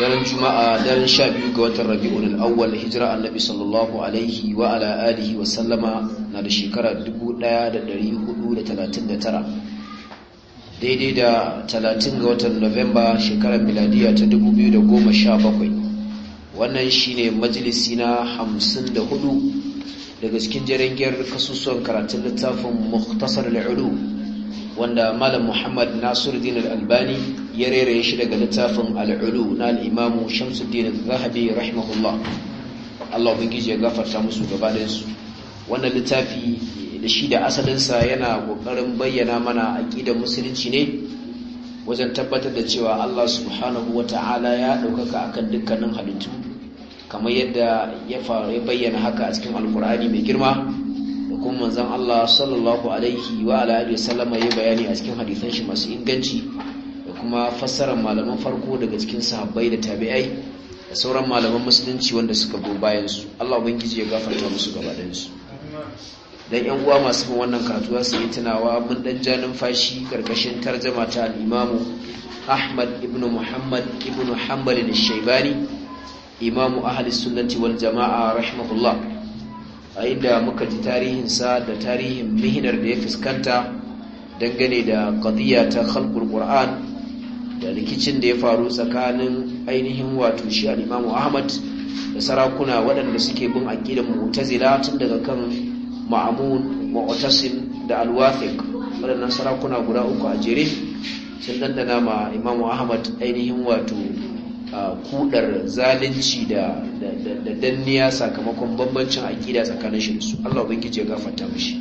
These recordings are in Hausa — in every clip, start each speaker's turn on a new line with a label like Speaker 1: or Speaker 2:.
Speaker 1: daren juma'a daren sha biyu ga watan rabi'un al'awwal hijira annabi sallallahu alaihi wa ala alihi wa sallama na da shekara 1439 daidai da 30 ga watan novemba shekarar miladiya ta 2017 wannan shine majalisi na 54 daga cikin jirgin kasusuwan karatun littafin muktasar al'ulu wanda malam muhammad nasiruddin al-albani ya rere shi daga littafin al'ulu na al'imamu shamsuddin al-zahabi rahimahullah allah ubangiji ya gafarta musu gaba gabaninsu wannan littafi da shi da asalinsa yana ƙoƙarin bayyana mana aƙidar musulunci ne wajen tabbatar da cewa allah subhanahu wa ta'ala ya ɗaukaka akan dukkanin halittu kamar yadda ya bayyana haka a cikin alkur'ani mai girma da kuma manzon Allah sallallahu alaihi wa alaihi alihi sallama ya bayani a cikin hadithan shi masu inganci da kuma fassarar malaman farko daga cikin sahabbai da tabi'ai da sauran malaman musulunci wanda suka go bayan su Allah ubangiji ya gafarta musu gaba da su dan yan uwa masu bin wannan katuwa su yi tunawa mun dan ja numfashi karkashin tarjama ta al-Imam Ahmad ibn Muhammad ibn Hanbal al-Shaybani Imam Ahlus Sunnati wal Jama'a rahimahullah a inda muka ji tarihinsa da tarihin mihinar da ya fuskanta dangane da qadiya ta halkul ƙur'an da rikicin da ya faru tsakanin ainihin wato shi al-imamu ahmad da sarakuna waɗanda suke bin aqidar mu'tazila tun daga kan ma'amun mu'tasim da al waɗannan sarakuna guda uku a jere sun dandana ma imamu ahmad ainihin wato kudar zalunci da danniya sakamakon bambancin aƙida tsakanin shi su Allah ubangiji ya gafarta mishi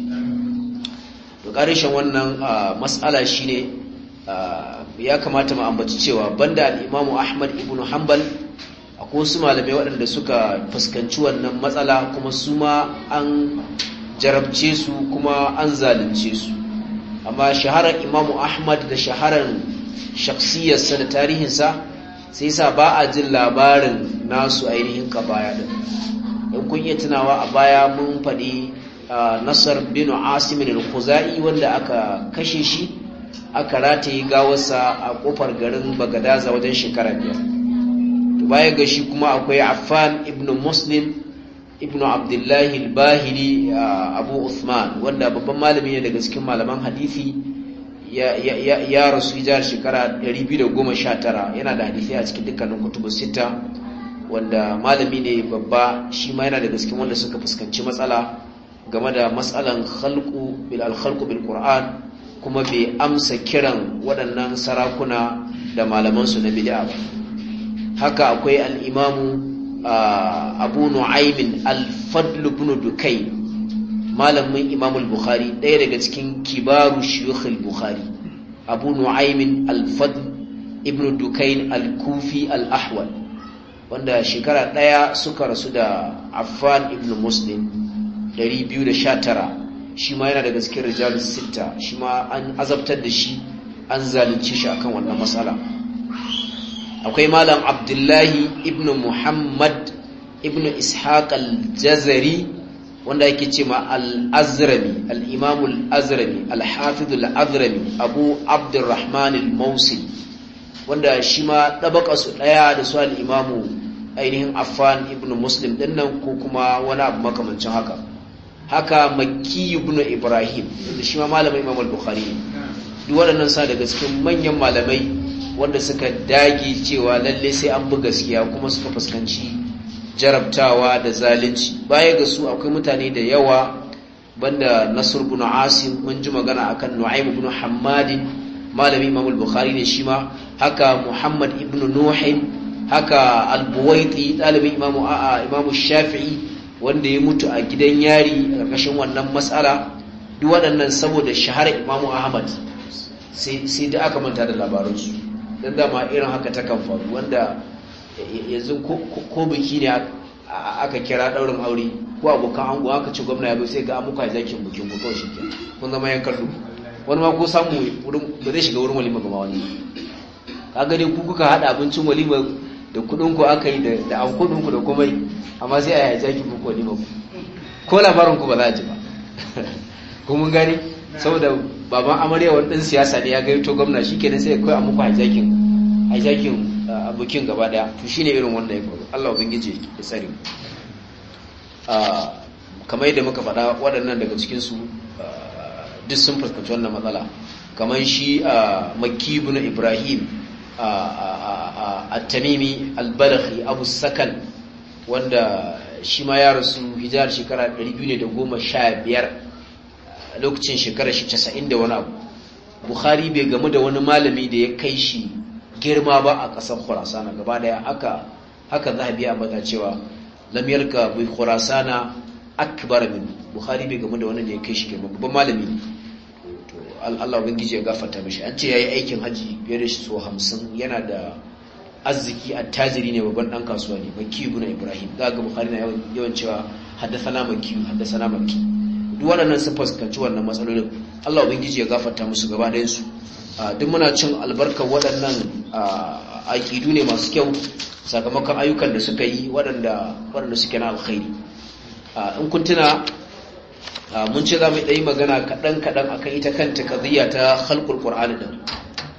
Speaker 1: to karishin wannan mas'ala shine ya kamata mu ambaci cewa banda al-Imam Ahmad ibn Hanbal akwai su malamai waɗanda suka fuskanci wannan matsala kuma su ma an jarabce su kuma an zalunce su amma shaharar imam'u Ahmad da shaharar shaksiyarsa da tarihinsa sai sa ba a jin labarin nasu ainihin ka baya din in kun yi tunawa a baya mun faɗi nasar bin asimin al wanda aka kashe shi aka rataye gawarsa a ƙofar garin bagadaza wajen shekara biyar baya ga shi kuma akwai affan ibn muslim ibn abdullahi al-bahili abu usman wanda babban malami ne daga cikin malaman hadisi ya rasu jihar shekara 219 yana da hadisai a cikin dukkanin kutubu sita wanda malami ne babba shi ma yana da gaskin wanda suka fuskanci matsala game da matsalan halku, bil alhalku bil qur'an kuma bai amsa kiran waɗannan sarakuna da malamansu na bid'a ba haka akwai al'imamu imamu ah, abu Nu'aimin al-fadl ibn dukai malamin imam al-bukhari ɗaya daga cikin kibaru shiyukh al-bukhari abu nu'aymin al-fadl ibn dukain al-kufi al-ahwal wanda shekara ɗaya suka rasu da affan ibn muslim 219 shi ma yana daga cikin rijal sita shi ma an azabtar da shi an zalunce shi akan wannan matsala akwai malam abdullahi ibn muhammad ibn ishaq al-jazari wanda yake ce ma al-azrami al-imam al-azrami al-hafiz al abu abdurrahman al-mawsi wanda shi ma dabaka su daya da su Al'imamu ainihin affan ibn muslim nan ko kuma wani abu makamancin haka haka makki ibn ibrahim wanda shi ma malamin imam al-bukhari duk waɗannan sa daga cikin manyan malamai wanda suka dage cewa lallai sai an bi gaskiya kuma suka fuskanci jarabtawa da zalunci baya ga su akwai mutane da yawa banda nasr bin asim mun ji magana akan nu'aym bin hammad malami imam al-bukhari ne shi ma haka muhammad ibn nuh haka al-buwaiti dalibi imam imam shafi'i wanda ya mutu a gidan yari a wannan matsala duk waɗannan saboda shahara imam ahmad sai da aka manta da labaransu dan dama irin haka ta kan faru wanda yanzu ko biki ne aka kira daurin aure ko abokan hango aka ci gwamna ya bai sai ga amuka zakin bukin ko shi ke kun zama yan kallo wani ma ko samu ba zai shiga wurin walima gaba wani ka gani ku kuka hada abincin walima da kudin ku aka yi da an kudin ku da komai amma sai a yi zakin bukin walima ku ko labarin ku ba za a ji ba ko mun gani saboda baban amarya wani dan siyasa ne ya gaito gwamna shikenan sai kai amuka zakin hijakin abokin gaba daya to shine irin wanda ya faru Allah ubangiji ya tsare mu kamar yadda muka faɗa waɗannan daga cikin su duk sun fuskanci wannan matsala kamar shi makki ibn ibrahim at-tamimi al balaghi abu sakal. wanda shi ma ya rasu hijar shekara 215 lokacin shekarar shi 90 da wani abu bukhari bai gamu da wani malami da ya kai shi girma ba a ƙasar khurasana gaba daya aka haka zahabi ya bada cewa lam yarka bi khurasana akbar min bukhari bai gamu da wannan da ya kai shi girma babban malami to Allah ubangiji ya gafarta mishi an ce yayi aikin haji biyar da shi so 50 yana da arziki attajiri ne babban dan kasuwa ne makki ibn ibrahim ga ga bukhari na yawan cewa haddathana makki haddathana makki duk waɗannan sun fuskanci wannan matsalolin Allah ubangiji ya gafarta musu gaba ɗayan su Ah, duk muna cin albarkar waɗannan ah, aƙidu ne masu kyau sakamakon ayyukan da suka yi waɗanda suke na alkhairi ah, in kuntuna tuna mun ce za mu ɗai magana kaɗan-kaɗan akan ita kanta kadiyya ta halkul ƙur'ani ɗin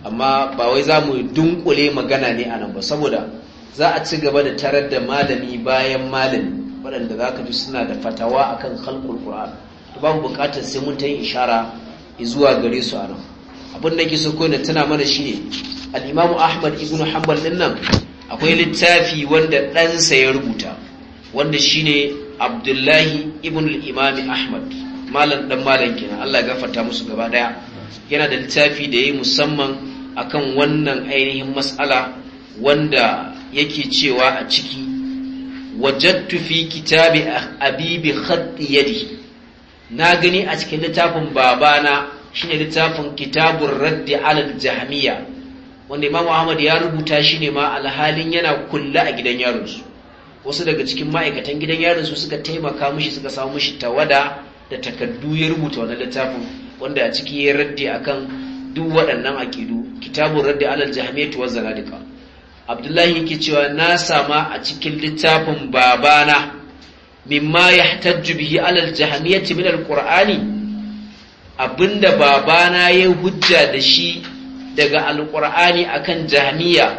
Speaker 1: amma ba wai za mu dunƙule magana ne a nan ba saboda za a ci gaba da tarar da malami bayan malami waɗanda za ka ji suna da fatawa akan halkul ƙur'ani babu buƙatar sai mun ta yi ishara zuwa gare su a nan abin da ke so kawai tana mana shi ne al'imamu ahmad ibn hanbal din nan akwai littafi wanda ɗansa ya rubuta wanda shi ne abdullahi ibn al'imami ahmad malam ɗan malam kenan allah ya gafarta musu gaba ɗaya yana da littafi da ya yi musamman akan wannan ainihin mas'ala, wanda yake cewa a ciki wajattu fi kitabi abibi khatti yadi na gani a cikin littafin babana shine littafin kitabun raddi alal jahmiya wanda imamu ahmad ya rubuta shi ne ma alhalin yana kulla a gidan yarinsu wasu daga cikin ma'aikatan gidan yarinsu suka taimaka mishi suka samu mishi tawada da takardu ya rubuta wani littafin wanda a ciki ya raddi akan duk waɗannan akidu kitabun raddi alal jahmiya wa zanadika abdullahi yake cewa na sama a cikin littafin babana mimma yahtajju bihi alal jahmiya min alqur'ani abinda babana ya hujja da shi daga alƙur'ani akan jami'a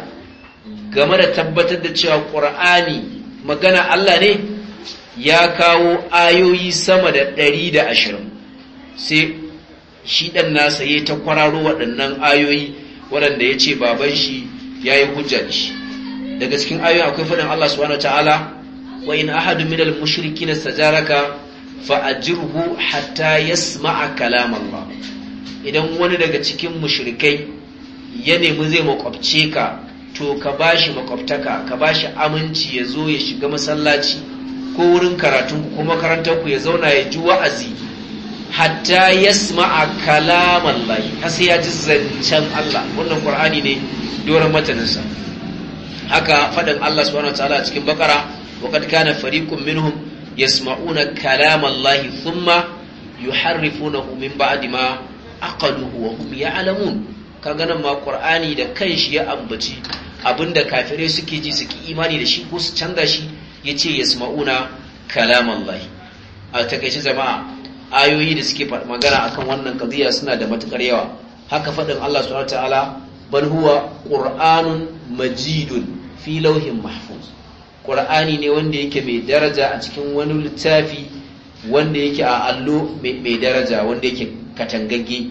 Speaker 1: game da tabbatar da cewa ƙur'ani magana Allah ne ya kawo ayoyi sama da ɗari da ashirin sai shi ɗan nasa ya ta kwararo waɗannan ayoyi waɗanda ya ce baban shi ya yi hujja da shi daga cikin ayoyi akwai faɗin Allah subhanahu wa ta'ala in ahadu minal mushrikina sajaraka fa'ajirhu hatta yasma'a kalaman ba, idan wani daga cikin mushrikai ya nemi zai makwabce ka to ka bashi makwabtaka ka bashi aminci ya zo ya shiga masallaci ko wurin karatun ko makarantarku ya zauna ya ji wa'azi hatta yasma'a kalam Allah har sai ya ji zancen Allah wannan Qur'ani ne doron matanansa haka faɗin Allah subhanahu wa ta'ala a cikin bakara وقد كان فريق منهم yasma'una kalamallahi thumma yuharrifunahu min ba'di ma aqaluhu wa hum ya'lamun kaga nan ma ƙur'ani da shi ya ambaci abinda kafirai suke ji suke imani da shi ko su canza shi ya yace yasma'una kalamallahi a takaice jama'a ayoyi da suke magana akan wannan qadiya suna da matukar yawa haka faɗin Allah subhanahu ta'ala bal huwa qur'anun majidun fi lauhin mahfuz ƙur'ani ne wanda yake mai daraja a cikin wani littafi wanda yake a allo mai daraja wanda yake katangage.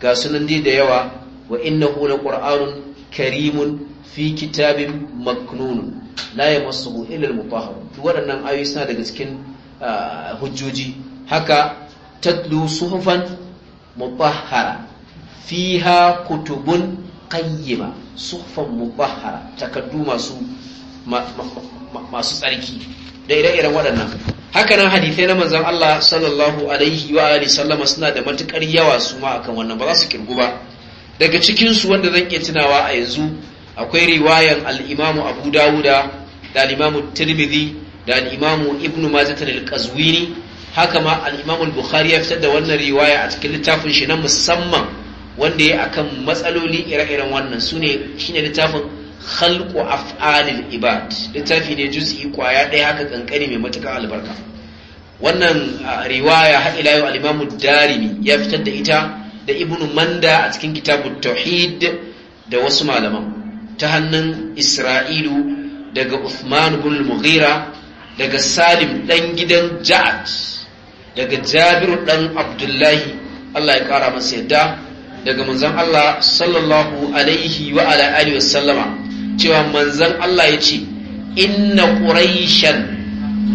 Speaker 1: ga sunan dai da yawa wa innahu la qur'anun karimun fi kitabin maknun la yamassuhu illa al-mutahhar waɗannan ayoyi suna daga cikin ah, hujjoji haka tatlu suhufan mutahhara fiha kutubun qayyima suhufan mutahhara takaddu masu masu tsarki da ire-iren waɗannan hakanan hadithai na manzan Allah sallallahu alaihi wa alihi sallama suna da matukar yawa su ma akan wannan ba za su kirgu ba daga cikinsu wanda zan iya tunawa a yanzu akwai riwayan Al'imamu Abu Dawuda da al-Imam Tirmidhi da al Ibn Majah al-Qazwini haka ma al buhari bukhari ya fitar da wannan riwaya a cikin littafin shi na musamman wanda ya akan matsaloli ire-iren wannan sune shine littafin khalqu af'alil ibad littafi ne juz'i kwaya ɗaya haka kankani mai matuƙar albarka wannan riwaya har ila yau al-Imam darimi ya fitar da ita da Ibn Manda a cikin kitabut Tauhid da wasu malaman ta hannun Isra'ilu daga Uthman ibn mughira daga Salim dan gidan Ja'ad daga Jabir dan Abdullahi Allah ya kara masa yadda daga manzon Allah sallallahu alaihi wa ala alihi wasallama cewa manzon Allah ya ce inna quraishan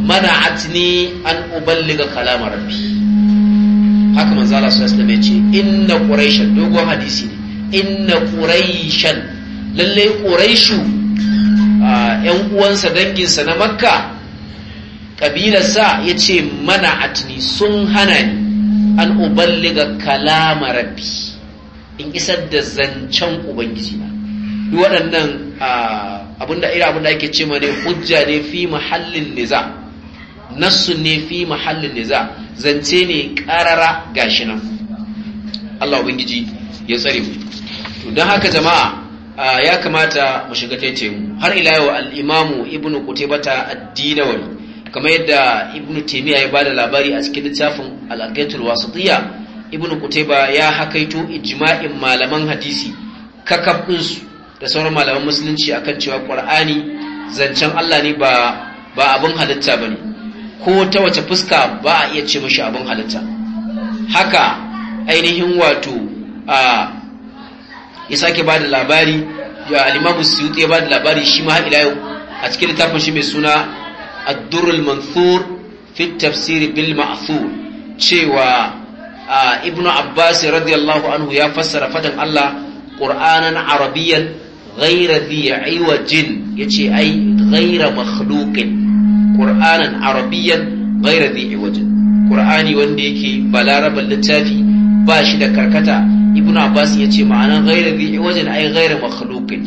Speaker 1: mana'atni an uballiga kalam rabbi haka manzo Allah sallallahu alaihi wasallam ya ce inna quraishan dogon hadisi ne inna quraishan lalle quraishu yan uwansa danginsa na makka kabilarsa ya ce mana atni sun hana ni an uballiga kalama rabbi in isar da zancen ubangiji na Ni waɗannan abinda ira abinda ake ce ne hujja ne fi mahallin niza nassu ne fi mahallin niza zance ne karara gashi nan Allah ubangiji ya tsare mu to don haka jama'a ya kamata mu shiga taice mu har ila yau al-imamu ibnu qutaybata ad-dinawi kamar yadda ibnu taymiya ya bada labari a cikin littafin al aqidatul wasatiyya ibn kutaiba ya hakaito ijma'in malaman hadisi kakaf su da sauran malaman musulunci akan cewa Ƙur'ani, zancen allah ne ba ba abin halitta ba ne ko ta wace fuska ba a iya ce mashi abin halitta haka ainihin wato a ya sake ba da labari ya alimamu suyuti ya ba da labari shi ma ila yau a cikin littafin shi mai suna addurul manthur fi tafsiri bil ma'thur cewa Ibnu abbas radiyallahu anhu ya fassara fadan Allah qur'anan arabiyyan ghayra dhi iwajin yace ai ghayra makhluqin qur'anan arabiyyan ghayra dhi iwajin qur'ani wanda yake balaraban littafi ba shi da karkata Ibnu abbas yace ma'anan ghayra dhi iwajin ai ghayra makhluqin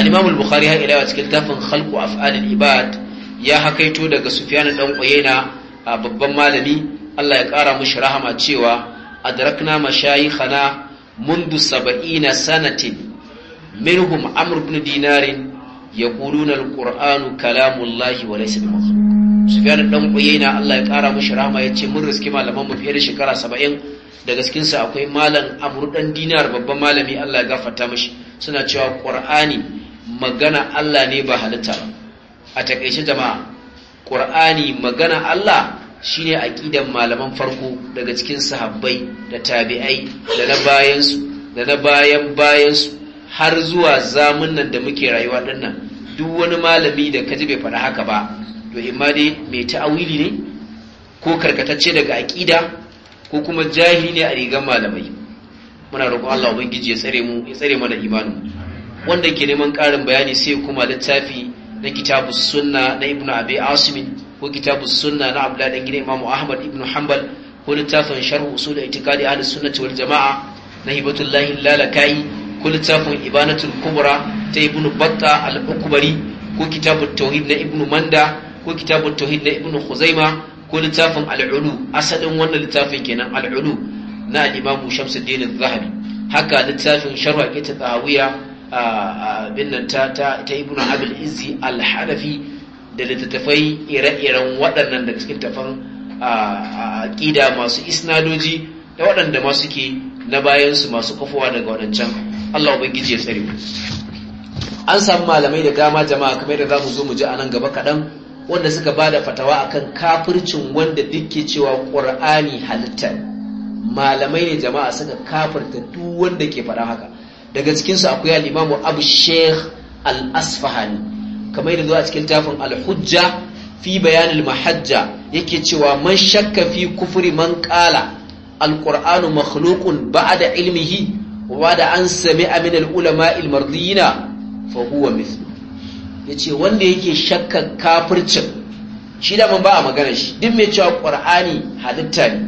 Speaker 1: al-imam al-bukhari ya ila cikin tafin khalqu af'al al-ibad ya hakaito daga sufyan dan uyaina babban malami Allah ya ƙara mushi rahama cewa adrakna mashayikhana منذ سبعين سنة منهم عمرو بن دينار يقولون القرآن كلام الله وليس بمخلوق سفيان دان قيينا Allah ya ƙara mushi rahama yace mun riski malaman mu fiye da shekara 70 daga cikin sa akwai malam Amr dan Dinar babban malami Allah ya gafarta mishi suna cewa Qur'ani magana Allah ne ba halitta ba a takeice jama'a Qur'ani magana Allah shine aqidan malaman farko daga cikin sahabbai da tabi'ai da na bayansu da na bayan bayansu har zuwa zamun nan da muke rayuwa dinnan duk wani malami da kaji bai faɗa haka ba to imma dai mai ta'awili ne ko karkatacce daga aqida ko kuma jahili ne a rigan malamai muna roƙon Allah ubangiji ya tsare mu ya tsare mana imanu. wanda ke neman ƙarin bayani sai kuma littafi na kitabu sunna na ibnu abi Asmin. ko kitabu sunna na abdullahi dan gidan imamu ahmad ibn hanbal ko littafin sharh usul itikadi ahli sunnati wal jamaa na hibatullahi lalakai ko littafin ibanatul kubra ta ibn batta al-ukbari ko kitabu tauhid na ibn manda ko kitabu tauhid na ibn khuzaima ko littafin al-ulu asalin wannan littafin kenan al-ulu na al-imamu shamsuddin az-zahabi haka littafin sharh aqidatu tahawiyya binnan ta ta ibn abul izzi al-hanafi da littattafai ire-iren waɗannan daga cikin tafan aƙida masu isnadoji da waɗanda ma suke na bayansu masu kafowa daga waɗancan Allah ubangiji ya tsare an samu malamai da dama jama'a kamar da mu zo mu ji a nan gaba kaɗan wanda suka ba da fatawa akan kafircin wanda ke cewa ƙur'ani halitta malamai ne jama'a suka kafirta duk wanda ke faɗa haka daga cikinsu akwai al-imamu abu sheikh al-asfahani kamar da zuwa a cikin tafin alhujja fi bayanin mahajja yake cewa man shakka fi kufuri man kala Alƙur'anu quranu makhluqun da ilmihi wa da an sami min al-ulama al-mardiyina fa huwa Ya ce wanda yake shakka kafircin shi da ba a magana shi duk mai cewa qur'ani halitta ne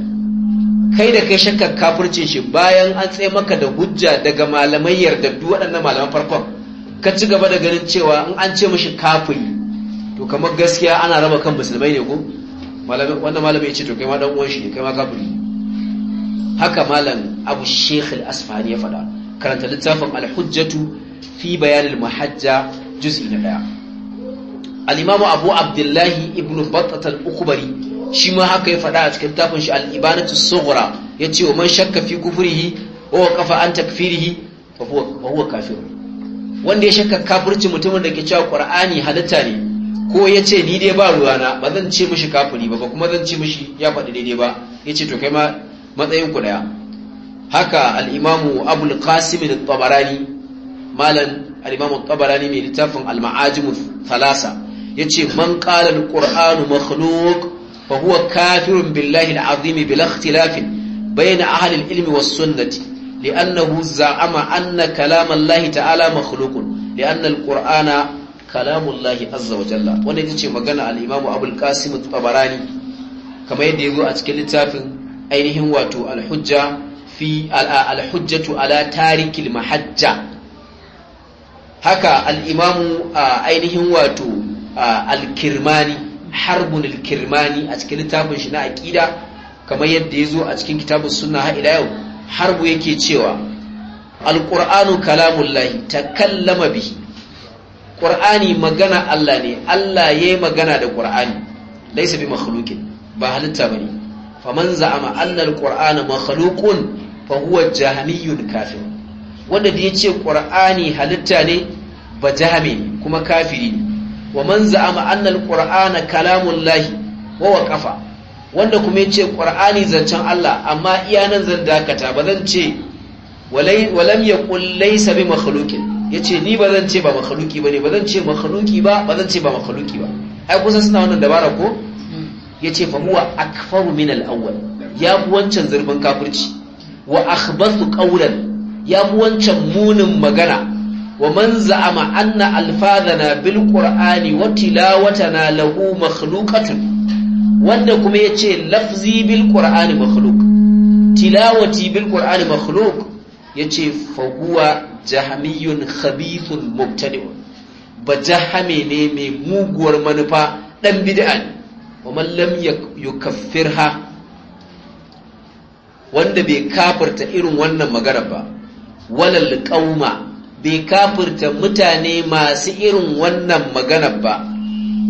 Speaker 1: kai da kai shakka kafircin shi bayan an tsaye maka da hujja daga malamai yardaddu waɗannan malaman farkon ka ci gaba da ganin cewa in an ce mashi kafiri to kamar gaskiya ana raba kan musulmai ne ko wanda malamai ce to kai ma dan uwan shi ne kai ma kafiri haka malam abu sheikh al-asfahani ya faɗa karanta littafin al-hujjatu fi bayan al-muhajja juz'i na daya al-imam abu abdullahi ibnu battah Ukubari shi ma haka ya faɗa a cikin tafin shi al'ibanatu tsohura ya ce wa man shakka fi kufurihi wa kafa an takfirihi fa huwa wanda ya shakka kafirci mutumin da ke cewa qur'ani halitta ne ko ya ce ni dai ba ruwana ba zan ce mishi kafiri ba ba kuma zan ce mishi ya faɗi daidai ba ya ce to kai ma matsayin ku ɗaya. haka Al'imamu imamu abul qasim al-tabarani malan tabarani mai littafin al-ma'ajim thalasa yace man qala al-qur'anu makhluq fa huwa kafirun billahi al-azim bila ikhtilafin bayna ahli al-ilmi was-sunnati li'annahu za'ama anna kalamallahi ta'ala makhluqun li'anna qur'ana kalamullahi azza wa jalla wanda ita ce magana al-imamu abul qasim tabarani kamar yadda yazo a cikin littafin ainihin wato al-hujja ala tarikil mahajja haka al-imamu ainihin wato al-kirmani harbun a cikin littafin shi na aqida kamar yadda ya zo a cikin kitabus sunna ha ila yau harbu yake cewa alƙur'anu kalamullahi ta kallama bihi ƙur'ani magana Allah ne Allah ya yi magana da ƙur'ani laisa bi makhluqin ba halitta bane faman za'ama annal qur'ana makhluqun fa huwa jahmiyun kafir wanda da yace qur'ani halitta ne ba jahmi kuma kafiri ne wa man za'ama annal qur'ana kalamullahi wa waqafa wanda kuma ya ce ƙwar'ani zancen Allah amma iya nan zan dakata ba zan ce walam ya ƙullai sabi makhalukin ya ce ni ba zan ce ba makhaluki ba ne ba zan ce makhaluki ba ba zan ce ba makhaluki ba ai kusan suna wannan dabara ko ya ce famuwa akfaru min awwal ya fi wancan zurfin kafirci wa akhbathu qawlan ya fi wancan munin magana wa man za'ama anna alfadhana bil qur'ani wa tilawatana lahu makhluqatun wanda kuma ya ce lafzi bil qur'ani makhluk tilawati bil qur'ani makhluk ya ce faguwa jahamiyun khabithun mubtadi'un ba jahame ne mai muguwar manufa ɗan bid'a ne wa ya lam ha wanda bai kafirta irin wannan magana ba walal qauma bai kafirta mutane masu irin wannan magana ba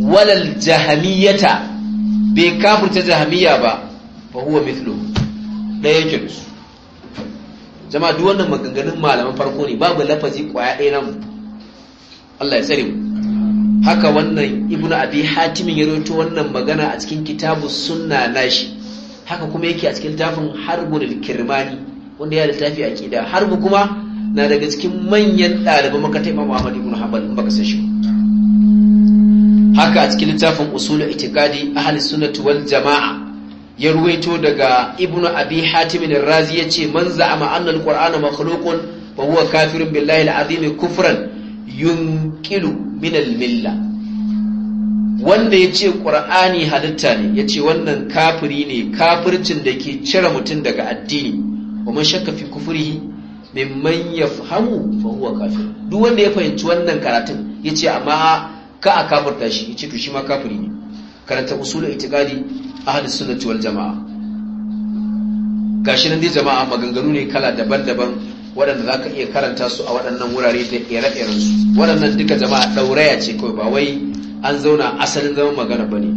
Speaker 1: walal jahamiyata bai ta jahamiya ba fa huwa mithlu daya yake da su jama'a duk wannan maganganun malaman farko ne babu lafazi kwaya ɗaya nan Allah ya sare mu haka wannan ibn abi hatim ya rawaito wannan magana a cikin kitabu sunna nashi haka kuma yake a cikin tafin harbul kirmani wanda ya littafi akida harbu kuma na daga cikin manyan ɗaliban makatai Imam Ahmad ibn Hanbal in baka san shi haka a cikin littafin usulul itiqadi ahli sunnati wal jama'a ya ruwaito daga ibnu abi hatim ar-razi yace man za'ama anna al-qur'ana makhluqun fa huwa kafirun billahi al-azim kufran yunqilu min al-milla wanda yace qur'ani halitta ne yace wannan kafiri ne kafircin da ke cire mutum daga addini wa man shakka fi kufrihi mimman yafhamu fa huwa kafir duk wanda ya fahimci wannan karatun yace amma ka a kafirta shi ya ce to shi ma kafiri ne karanta usulul itiqadi ahlus sunnati wal jamaa gashi nan dai jama'a maganganu ne kala daban-daban waɗanda za ka iya karanta su a waɗannan wurare da ire-iren su waɗannan duka jama'a ɗauraya ce kawai ba wai an zauna asalin zaman magana ba ne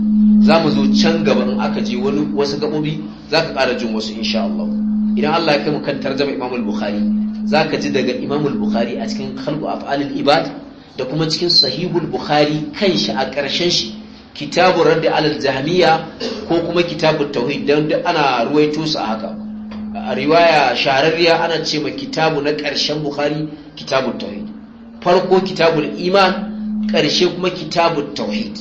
Speaker 1: za mu zo can gaba in aka je wani wasu gaɓoɓi za ka ƙara jin wasu insha Allah idan Allah ya kai mu kan zama Imam Bukhari za ka ji daga Imam Bukhari a cikin khalqu af'alil ibad da kuma cikin sahihul bukhari kan shi a ƙarshen shi kitabu radda alal jahmiya ko kuma kitabu tauhid dan ana ruwaito su haka a riwaya shahararriya ana ce ma kitabu na ƙarshen bukhari kitabu tauhid farko kitabul iman ƙarshe kuma kitabu tauhid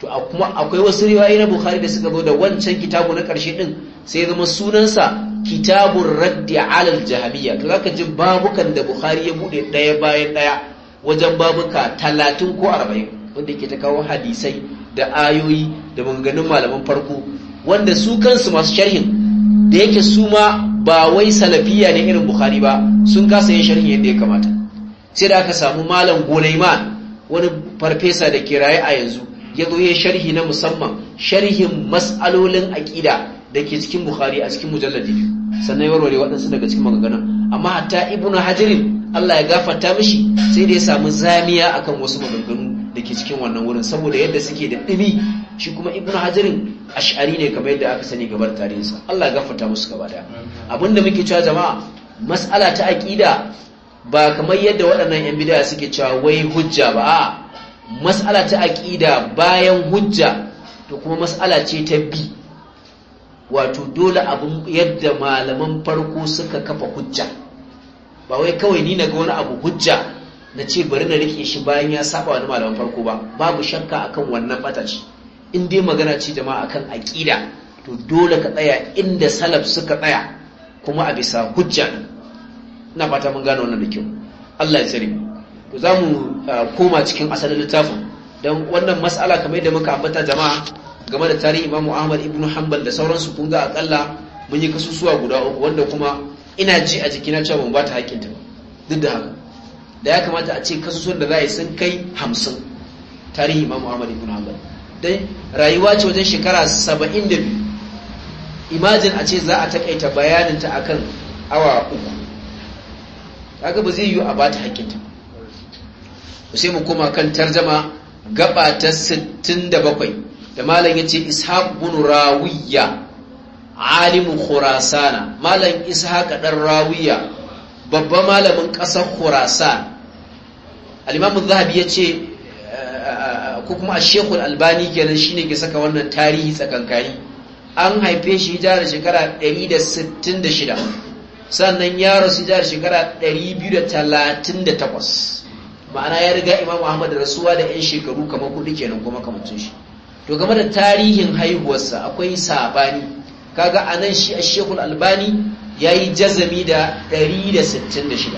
Speaker 1: to kuma akwai wasu riwayoyi na bukhari da suka zo da wancan kitabu na ƙarshe din sai zama sunansa kitabun raddi alal jahmiya to zaka ji babukan da bukhari ya bude daya bayan daya wajen babuka talatin ko arba'in wanda ke ta kawo hadisai da ayoyi da maganganun malaman farko wanda su kansu masu sharhin da yake su ma ba wai salafiya ne irin bukhari ba sun kasa yin sharhin yadda ya kamata sai da aka samu malam gonaiman wani farfesa da ke raye a yanzu ya zo ya sharhi na musamman sharhin mas'alolin aƙida da ke cikin bukhari a cikin mujalladi sannan sannan warware waɗansu daga cikin maganganun amma hatta ibnu hajirin Allah ya gafarta mishi sai da ya samu zamiya akan wasu maganganu da ke cikin wannan wurin saboda yadda suke da ɗumi shi kuma ibnu hajirin ash'ari ne kamar yadda aka sani gabar tarihinsa Allah ya gafarta musu gaba daya da muke cewa jama'a mas'ala ta aqida ba kamar yadda waɗannan yan bid'a suke cewa wai hujja ba A mas'ala ta aqida bayan hujja to kuma mas'ala ce ta bi wato dole abun yadda malaman farko suka kafa hujja ba wai kawai ni na ga wani abu hujja na ce bari na rike shi bayan ya saba wani malaman farko ba babu shakka akan wannan bata in dai magana ce jama'a akan aqida to dole ka tsaya inda salaf suka tsaya kuma a bisa hujja ina fata mun gane wannan da kyau Allah ya tsare to zamu ah, koma cikin asalin littafin dan wannan mas'ala kamar yadda muka ambata jama'a game da tarihi imamu ahmad ibn hanbal da sauransu kun ga akalla mun yi kasusuwa guda uku wanda kuma ina ji a jikina cewa ban bata haƙƙinta ba duk da haka da ya kamata a ce kasusuwan da za a yi sun kai hamsin tarihi imamu ahmad ibn hanbal dai rayuwa ce wajen shekara saba'in da biyu imajin a ce za a takaita bayaninta akan awa uku kaga ba zai yiwu a bata haƙƙinta sai mu koma kan tarjama gaba ta 67 da malam ya ce ishaq bin rawiya alimu khurasana malam ishaq dan rawiya babban malamin ƙasar khurasan al-imamu zahabi ce, ko kuma a shekul albani kenan shine ke saka wannan tarihi tsakankani an haife shi hijirar shekara 166 sannan ya rasu hijirar shekara 238 ma'ana ya riga Imam ahmad rasuwa da yan shekaru kamar kudu kenan kuma kamar shi to game da tarihin haihuwarsa akwai sabani kaga anan shi a albani ya yi jazami da 166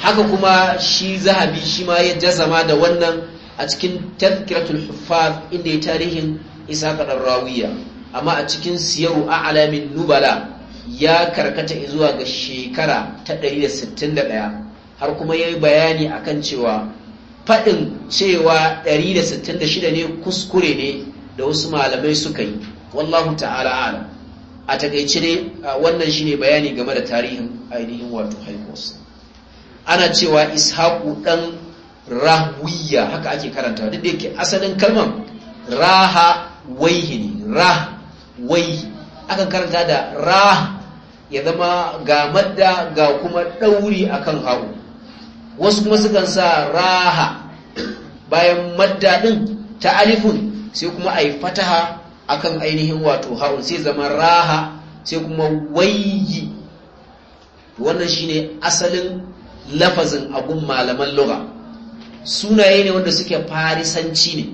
Speaker 1: haka kuma shi zahabi shi ma ya jazama da wannan a cikin tafkiratul huffaz inda ya tarihin isa kadar rawiya amma a cikin siyaru a alamin nubala ya karkata zuwa ga shekara ta 161 har kuma ya yi bayani akan cewa faɗin cewa 166 ne kuskure ne da wasu malamai suka yi wallahu ta'ala ala a takaice ne wannan shine bayani game da tarihin ainihin wato haikos ana cewa ishaku ɗan rahwiya haka ake karanta duk da yake asalin kalmar raha waihi ne rah waihi akan karanta da rah ya zama ga madda ga kuma ɗauri akan hagu wasu kuma sukan sa raha bayan madda ta alifun sai kuma a yi fataha akan ainihin wato ha'un sai zama raha sai kuma wayyi wannan shine asalin lafazin abun malaman lura sunaye ne wanda suke farisanci ne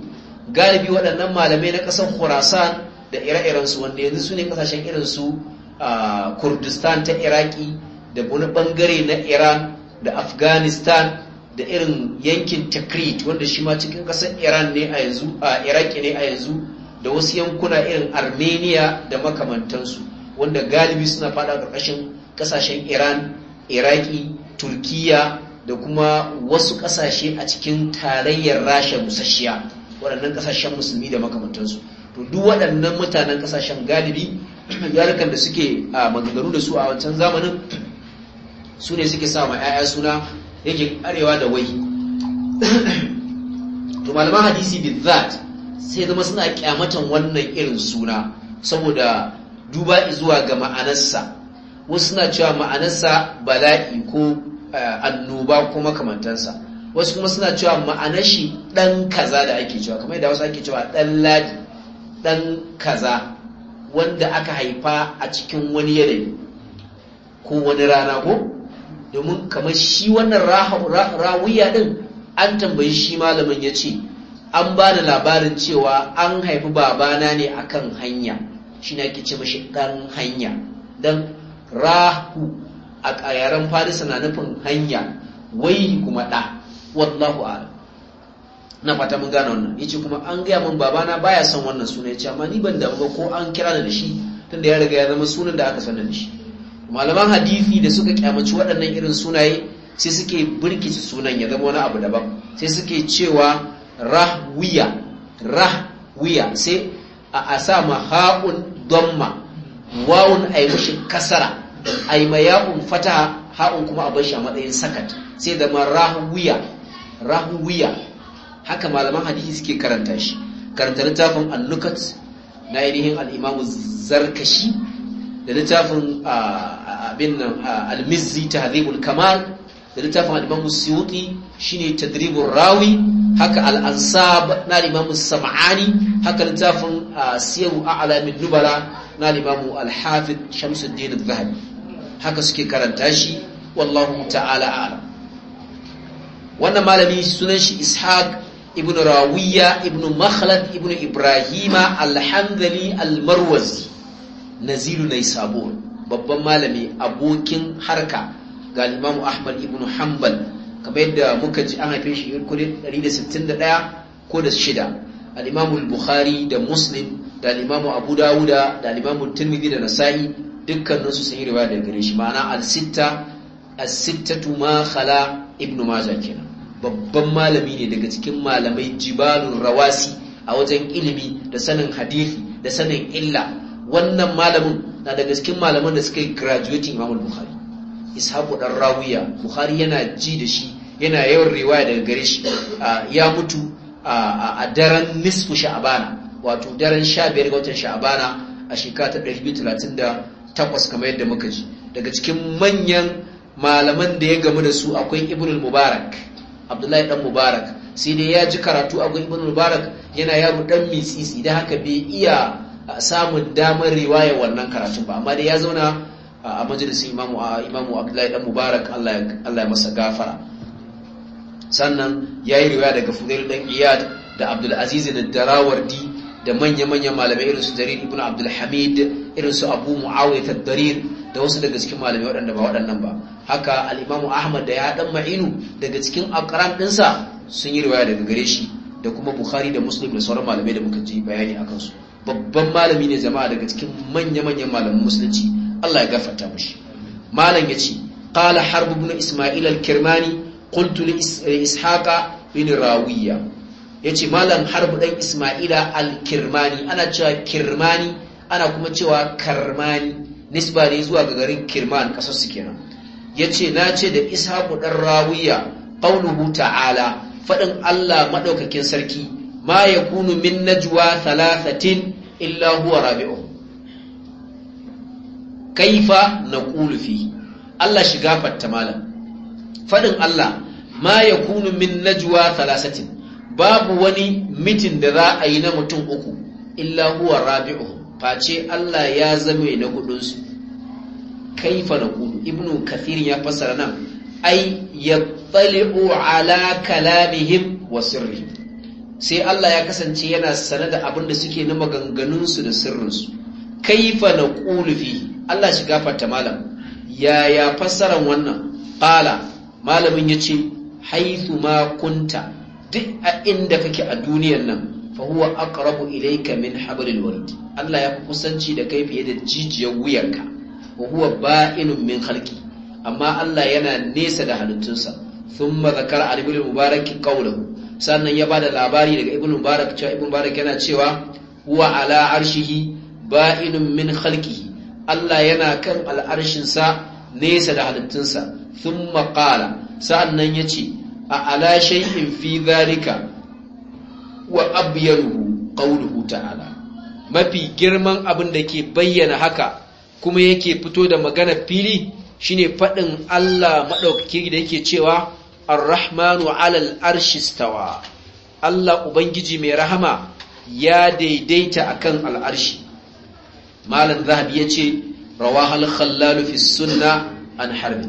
Speaker 1: galibi waɗannan malamai na ƙasar khurasan da ire-irensu wanda yanzu su ne ƙasashen irinsu ah, kurdistan ta iraki da wani ɓangare na iran da afghanistan da irin yankin tikrit wanda shi ma cikin ƙasar iran ne a yanzu a iraki ne a yanzu da wasu yankuna irin armenia da makamantansu wanda galibi suna fada ƙarƙashin ƙasashen iran iraki turkiya da kuma wasu ƙasashe a cikin tarayyar rasha musashiya waɗannan ƙasashen musulmi da makamantansu to duk waɗannan mutanen ƙasashen galibi yarukan da suke a maganganu da su a wancan zamanin su ne suke sa ma 'ya'ya suna yake arewa da wai to malaman hadisi bizzat sai zama suna kyamatan wannan irin suna saboda duba zuwa ga ma'anarsa wasu suna cewa ma'anarsa bala'i ko eh, annoba ko makamantansa wasu kuma suna cewa ma'anar shi dan kaza da ake cewa kamar yadda wasu ake cewa dan ladi dan kaza wanda aka haifa a cikin wani yanayi ko wani rana ko domin kamar shi wannan rawiya din an tambayi shi malamin ya ce an ba da labarin cewa an haifi babana ne akan hanya shi na ce mashi ɗan hanya don rahu a ƙayaren farisa na nufin hanya wai kuma ɗa wallahu ala na fata mun gane wannan ya ce kuma an gaya min babana baya son wannan suna ya ce amma ni ban damu ba ko an kira da shi tunda ya riga ya zama sunan da aka sanar da shi malaman hadisi da suka kyamaci waɗannan irin sunaye sai suke birkice sunan ya zama wani abu daban sai suke cewa rahwiya rahwiya sai a sa ma ha'un damma wawun a kasara aima ya maya'un ha'un kuma a bashi a matsayin sakat sai zama rahwiya rahwiya haka malaman hadisi suke karanta shi karanta littafin allukat na ainihin al'imamu zarkashi da littafin abin nan almizzi tahdhibul kamal da littafin al-imam shine tadribur rawi haka al-ansab na al sam'ani haka littafin siyaru a'lamin nubala na al al-hafiz shamsuddin az-zahabi haka suke karanta shi wallahu ta'ala a'lam wannan malami sunan shi ishaq ibn rawiya ibn makhlad ibn ibrahima al-hanbali al-marwazi Naziru na sabur babban malami abokin harka ga limamu ahmad ibn hanbal kamar yadda muka ji an haife shi yankunin 161 ko da shida al'imamu bukhari da muslim da al'imamu abu dawuda da al'imamu turmidi da nasa'i su sun yi riwaya da gare shi ma'ana al-sitta al-sitta sittatu ma khala ibn maza kenan babban malami ne daga cikin malamai jibalun rawasi a wajen ilimi da sanin hadisi da sanin illa wannan malamin na daga cikin malaman da suka yi graduating Imam Bukhari Ishaqu dan Rawiya Bukhari yana ji da shi yana yawan riwaya daga gare shi ya mutu a daren nisfu Sha'bana wato daren sha biyar ga watan sha'abana a shekara ta takwas, kamar yadda muka ji daga cikin manyan malaman da ya gamu da su akwai Ibn Mubarak Abdullahi dan Mubarak sai dai ya ji karatu a Ibn Mubarak yana yaro dan mitsitsi da haka bai iya samun damar riwaya wannan karatun ba amma dai ya zauna a majalisin imamu imamu abdullahi dan mubarak Allah ya masa gafara sannan ya yi riwaya daga fudail dan iyad da abdul aziz da darawardi da manya-manya malamai irin su jarir ibn abdul hamid irin su abu muawiyah ad-darir da wasu daga cikin malamai waɗanda ba waɗannan ba haka al-imamu ahmad da ya dan ma'inu daga cikin aqran ɗinsa sun yi riwaya daga gare shi da kuma bukhari da muslim da sauran malamai da muka ji bayani akan su babban malami ne jama'a daga cikin manya-manyan malamin musulunci Allah ya gafarta mushi malam yace qala harb ibn isma'il al-kirmani qultu li eh, ishaqa bin rawiya yace malam harb dan isma'ila al-kirmani ana cewa kirmani ana kuma cewa karmani nisba ne zuwa ga garin kirman kasar su kenan yace na ce da ishaqu dan rawiya qawluhu ta'ala fadin Allah madaukakin sarki ma yakunu min najwa thalathatin illa huwa rabi'uhum kaifa naqulu fi Allah shiga fatta malam fadin Allah ma yakunu min najwa thalathatin babu wani mitin da za a yi na mutum uku illa huwa rabi'uhum face Allah ya zame na hudun su kaifa naqulu ibnu kathir ya fassara nan ai ay yattali'u ala kalamihim wa sirri. sai Allah ya kasance yana sane da abin da suke na maganganunsu da sirrinsu kaifa na ƙulufi Allah shi gafarta malam yaya fassaran wannan ƙala malamin ya ce haithu ma kunta duk a inda kake a duniyar nan fa huwa aqrabu ilayka min hablil warid Allah ya kusanci da kai fiye da jijiyar wuyanka wa huwa ba'inun min khalqi amma Allah yana nesa da halittunsa thumma zakara al-mubarak qawluhu sannan ya ba da labari daga ibn mubarak cewa ibn mubarak yana cewa huwa ala arshihi ba'inun min khalqihi Allah yana kan al'arshin sa nesa da halittunsa thumma qala sannan yace a ala shay'in fi zalika wa abyanu qawluhu ta'ala mafi girman abin da ke bayyana haka kuma yake fito da magana fili shine fadin Allah maɗaukaki da yake cewa Ar-Rahmanu alal arshistawa Allah Ubangiji mai rahama ya daidaita akan al'arshi. Malam Zahabi ya ce, Rawa al-Khallalu fi sunna an harbi.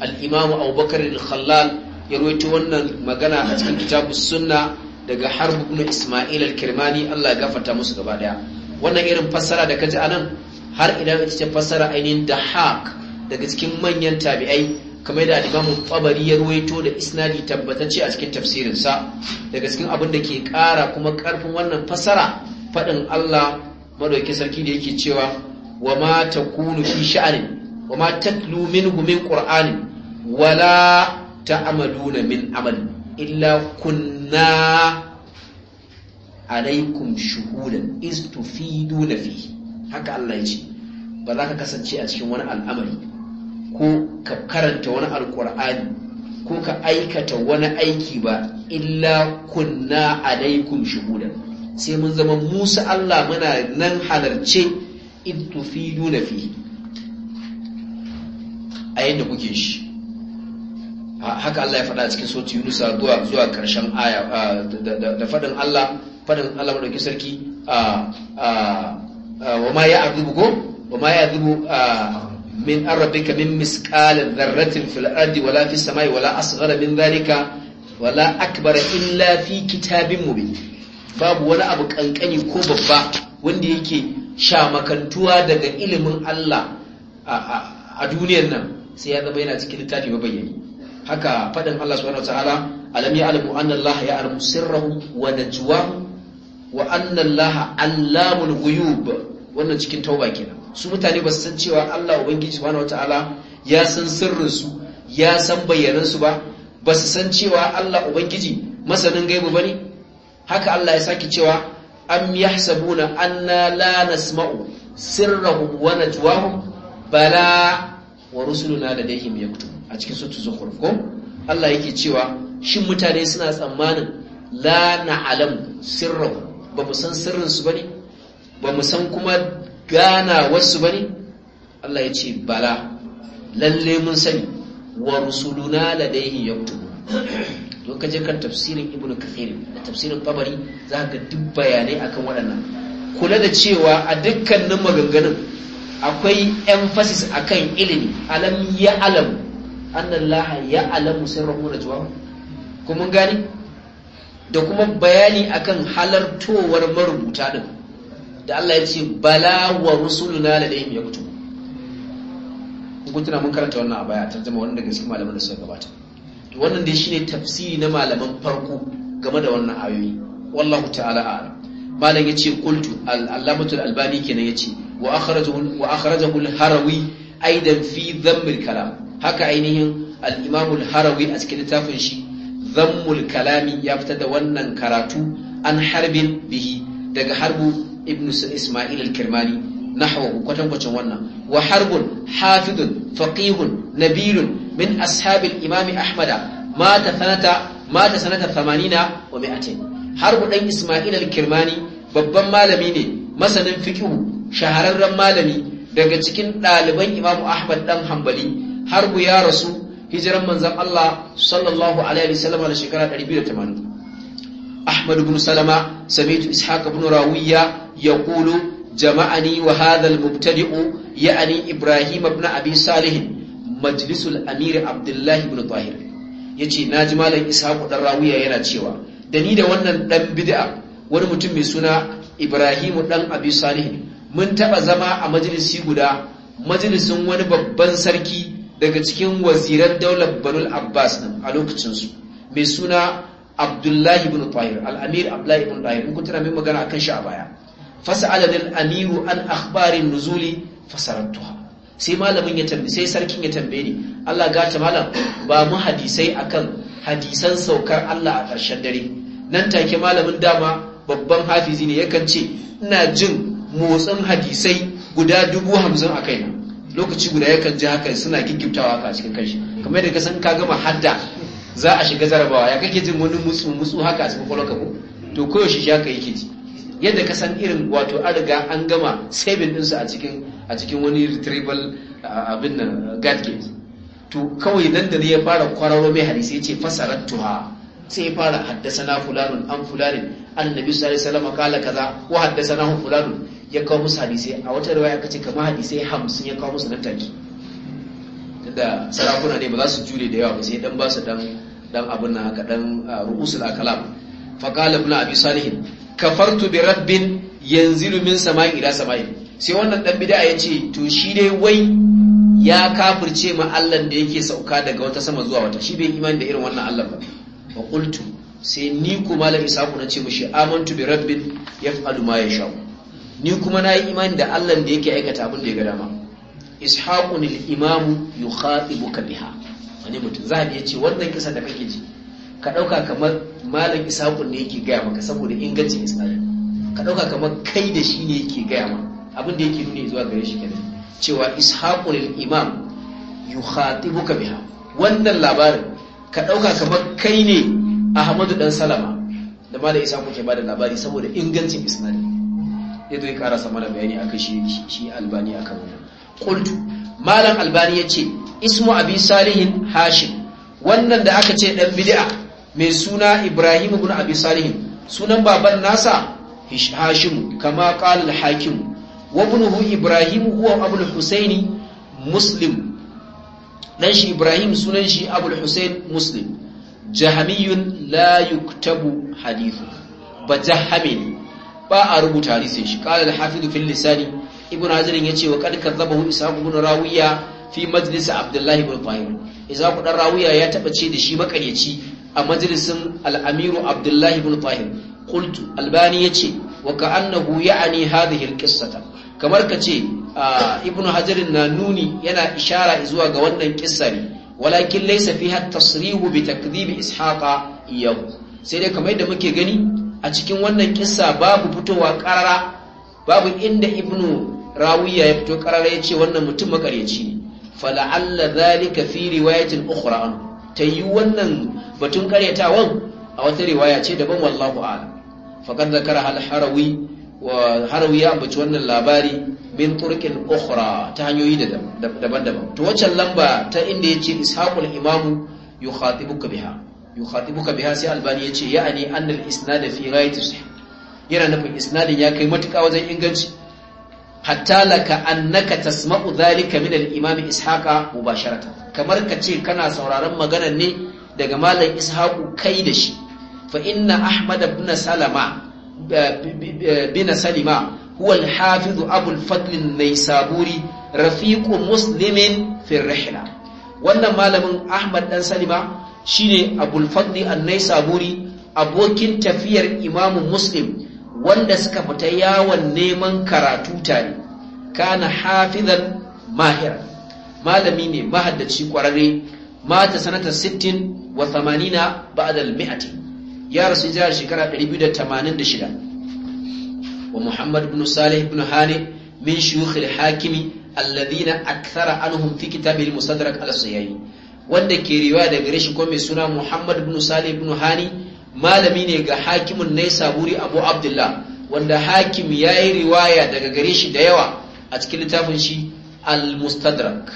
Speaker 1: Al'imamu Abubakar al-Khallal ya roito wannan magana a cikin kitabu sunna daga harbi ibn Ismail al-Kirmani Allah ya gafata musu gaba ɗaya. Wannan irin fassara da kaji a nan har idan ita ce fassara ainihin da haƙ daga cikin manyan tabi'ai kamar da Imam Tabari ya ruwaito da isnadi tabbatacce a cikin tafsirin sa daga cikin abin da ke ƙara kuma ƙarfin wannan fasara fadin Allah madauki sarki da yake cewa wa ma takunu fi sha'anin wa ma tatlu minhu min qur'anin wala ta'maluna min amal illa kunna alaikum shuhudan iz haka Allah ya ce ba za ka kasance a cikin wani al'amari ko ka karanta wani alkur'ani ko ka aikata wani aiki ba illa kunna alaikum shuhuda sai mun zama musa Allah muna nan halarce in tufidu na fi a yadda kuke shi haka Allah ya faɗa cikin soci Yunusa zuwa zuwa ƙarshen aya da faɗin Allah faɗin Allah madaukin sarki wa ma ya azubu ko wa ma ya azubu min arabika min misqal dharratin fil'adi wala fi samai wala asghara min zalika wala akbara illa fi kitabin mubin babu wani abu kankani ko babba wanda yake shamakantuwa daga ilimin Allah a duniyar nan sai ya zama yana cikin littafi mabayyani haka fadin Allah subhanahu ta'ala alam ya'lamu anna Allah ya'lamu sirrahu wa najwahu wa anna Allah allamul ghuyub wannan cikin tauba kenan su mutane ba su san cewa Allah ubangiji subhanahu wataala ya san sirrin su ya san bayanan su ba ba su san cewa Allah ubangiji masanin gaibu bane haka Allah ya saki cewa am yahsabuna anna la nasma'u sirrahum wa najwahum bala wa rusuluna ladayhim yaktub a cikin suratul zukhruf ko Allah yake cewa shin mutane suna tsammanin la na'lamu sirrahum ba mu san sirrin su bane ba mu san kuma gana wasu bane Allah ya ce bala lalle mun sani wa rusuluna ladaihi yaktubu don ka je kan tafsirin ibnu kathir da tafsirin tabari za ka duk bayanai akan waɗannan kula da cewa a dukkanin maganganun akwai emphasis akan ilimi alam ya alam annallaha ya alam sirrahu da jawabu kuma gani da kuma bayani akan halartowar marubuta din da Allah ya ce bala wa rusuluna ladaihim yaktubu kun tuna mun karanta wannan a baya tarjuma wannan daga cikin malaman da suka gabata wannan dai shine tafsiri na malaman farko game da wannan ayoyi wallahu ta'ala a'lam malam yace qultu al-allamatul albani kenan yace wa akhrajahu wa akhrajahu al-harawi aidan fi dhamm al-kalam haka ainihin al-imam al-harawi a cikin littafin shi dhamm al-kalami ya fitar da wannan karatu an harbin bihi daga harbu ibn isma'il al-kirmani nahwahu kwatankwacin wannan wa harbun hafidun faqihun nabilun min ashabil imami ahmada mata sanata mata sanata 80 wa 200 harbu dan isma'il al-kirmani babban malami ne masanin fiqh shahararren malami daga cikin ɗaliban imamu ahmad dan hanbali harbu ya rasu hijiran manzan Allah sallallahu alaihi wasallam da shekara 280 أحمد بن سلمة سمعت إسحاق بن راوية يقول جمعني وهذا المبتدئ يعني إبراهيم بن أبي صالح مجلس الأمير عبد الله بن طاهر يجي ناجم على إسحاق بن راوية ينا تشيوى ni وانا wannan dan bid'a wani mutum بن suna Ibrahim من Abi مجلس mun مجلس zama a guda wani babban sarki daga cikin waziran daular Banul Abbas nan a lokacin su mai suna abdullahi ibn tahir al-amir abdullahi ibn tahir mun tana mai magana akan shi a baya fasa'ala lil amiru an akhbarin nuzuli fasarantuha sai malamin ya tambaye sai sarkin ya tambaye ni Allah ta malam ba mu hadisai akan hadisan saukar Allah a ƙarshen dare nan take malamin dama babban hafizi ne yakan ce ina jin motsin hadisai guda dubu hamsin a kaina lokaci guda yakan ji haka suna giggibtawa a cikin kanshi kamar da ka san ka gama hadda za a shiga zarabawa ya kake jin wani musu-musu haka a cikin kwakwalwarka ko to koyaushe shi haka yake ji yadda ka san irin wato an riga an gama saving a cikin a cikin wani retrieval abin nan gadget to kawai nan da ne ya fara kwararo mai hadisi ya ce fasarar tuha sai ya fara haddasana fulanun an fulani. Annabi nabi sallallahu alaihi kala kaza wa haddasana fulanun ya kawo musu hadisi a wata riwaya kace kamar hadisi 50 ya kawo musu nan take da sarakuna ne ba za su jure da yawa ba sai dan ba su dan dan abin na haka dan ah, ru'usul akalam fa qala ibn abi salih kafartu bi rabbin yanzilu min sama'i ila sama'i sai wannan dan bid'a yace to shi dai wai ya kafirce ma Allah da yake sauka daga wata sama zuwa wata shi bai imani da irin wannan Allah ba fa qultu sai ni kuma la isaku na ce mushi amantu bi rabbin yaf'alu ma yasha ni kuma na yi imani da Allah da yake aikata abin da ya ga dama ishaqun al imam yukhatibuka biha wani mutum zabi yace ce wannan kisa da kake ji ka ɗauka kamar malam ishaqun ne yake gaya maka saboda ingancin isnadin ka ɗauka kamar kai da shi ne yake gaya ma abin da yake nuni zuwa gare shi kenan cewa ishaqun al-imam yukhatibuka biha wannan labarin ka ɗauka kamar kai ne ahmadu dan salama da malam ishaqun ke bada labari saboda ingancin isnadin yadda ya karasa mana bayani akan shi shi albani akan wannan Ƙultu. malam albani ce ismu abi salihin wannan da aka ce dan bid'a mai suna ibrahim ibn abi salihin sunan baban nasa hashim kama qala al-hakim wa ibnuhu ibrahim huwa muslim dan shi ibrahim sunan shi abul husain muslim jahamiyun la yuktabu hadithu ba jahame ba a rubuta hadisin shi qala al-hafiz fil lisani ibn hajar ya ce wa kad kadzabahu ishaq ibn rawiya fi majlis abdullahi ibn tahir ishaq dan rawiya ya taba ce da shi makaryaci a majlisin al-amiru abdullahi ibn tahir qultu albani yace wa ka'annahu ya'ni hadhihi al-qissata kamar kace ibn hajarin na nuni yana ishara zuwa ga wannan kissa ne walakin laysa fiha at-tasrihu bi takdhib ishaqa yau sai dai kamar yadda muke gani a cikin wannan kissa babu fitowa karara babu inda ibnu rawiya ya fito karara ya ce wannan mutum makaryaci ne fala'alla zalika fi riwayatin ukhra an ta yi wannan batun karyatawan a wata riwaya ce daban wallahu a'lam faqad zakara al harawi wa harawi ya ambaci wannan labari min turqin ukhra ta hanyoyi daban-daban to waccan lamba ta inda yace ishaqul imamu yukhatibuka biha yukhatibuka biha sai albani yace ya'ani annal isnad fi ghayati sahih yana nufin isnadin ya kai matuƙa wajen inganci hatta laka annaka tasma'u dhalika min al-imam ishaqa mubasharatan kamar ka ce kana sauraron maganar ne daga malam ishaqu kai da shi fa inna ahmad ibn salama eh, eh, bin salima huwa al-hafiz abu al-fadl an-naysaburi rafiqu muslimin fi rihla wannan malamin ahmad dan salima shine abul fadl an-naysaburi abokin tafiyar imamu muslim wanda suka fita yawon neman karatu tare kana hafizan mahira malami ne mahaddaci kwararre mata sanata 60 wa 80 ba'da al-mi'ati ya rasu jihar shekara 286 wa muhammad ibn salih ibn hani min shuyukh al-hakimi alladhina akthara anhum fi kitab al-musaddarak al-sayyi wanda ke riwaya daga gare shi ko mai suna muhammad ibn salih ibn hani malami ne ga hakimin naisaburi abu abdullah wanda hakim ya yi riwaya daga gare shi da yawa a cikin littafin shi al-mustadrak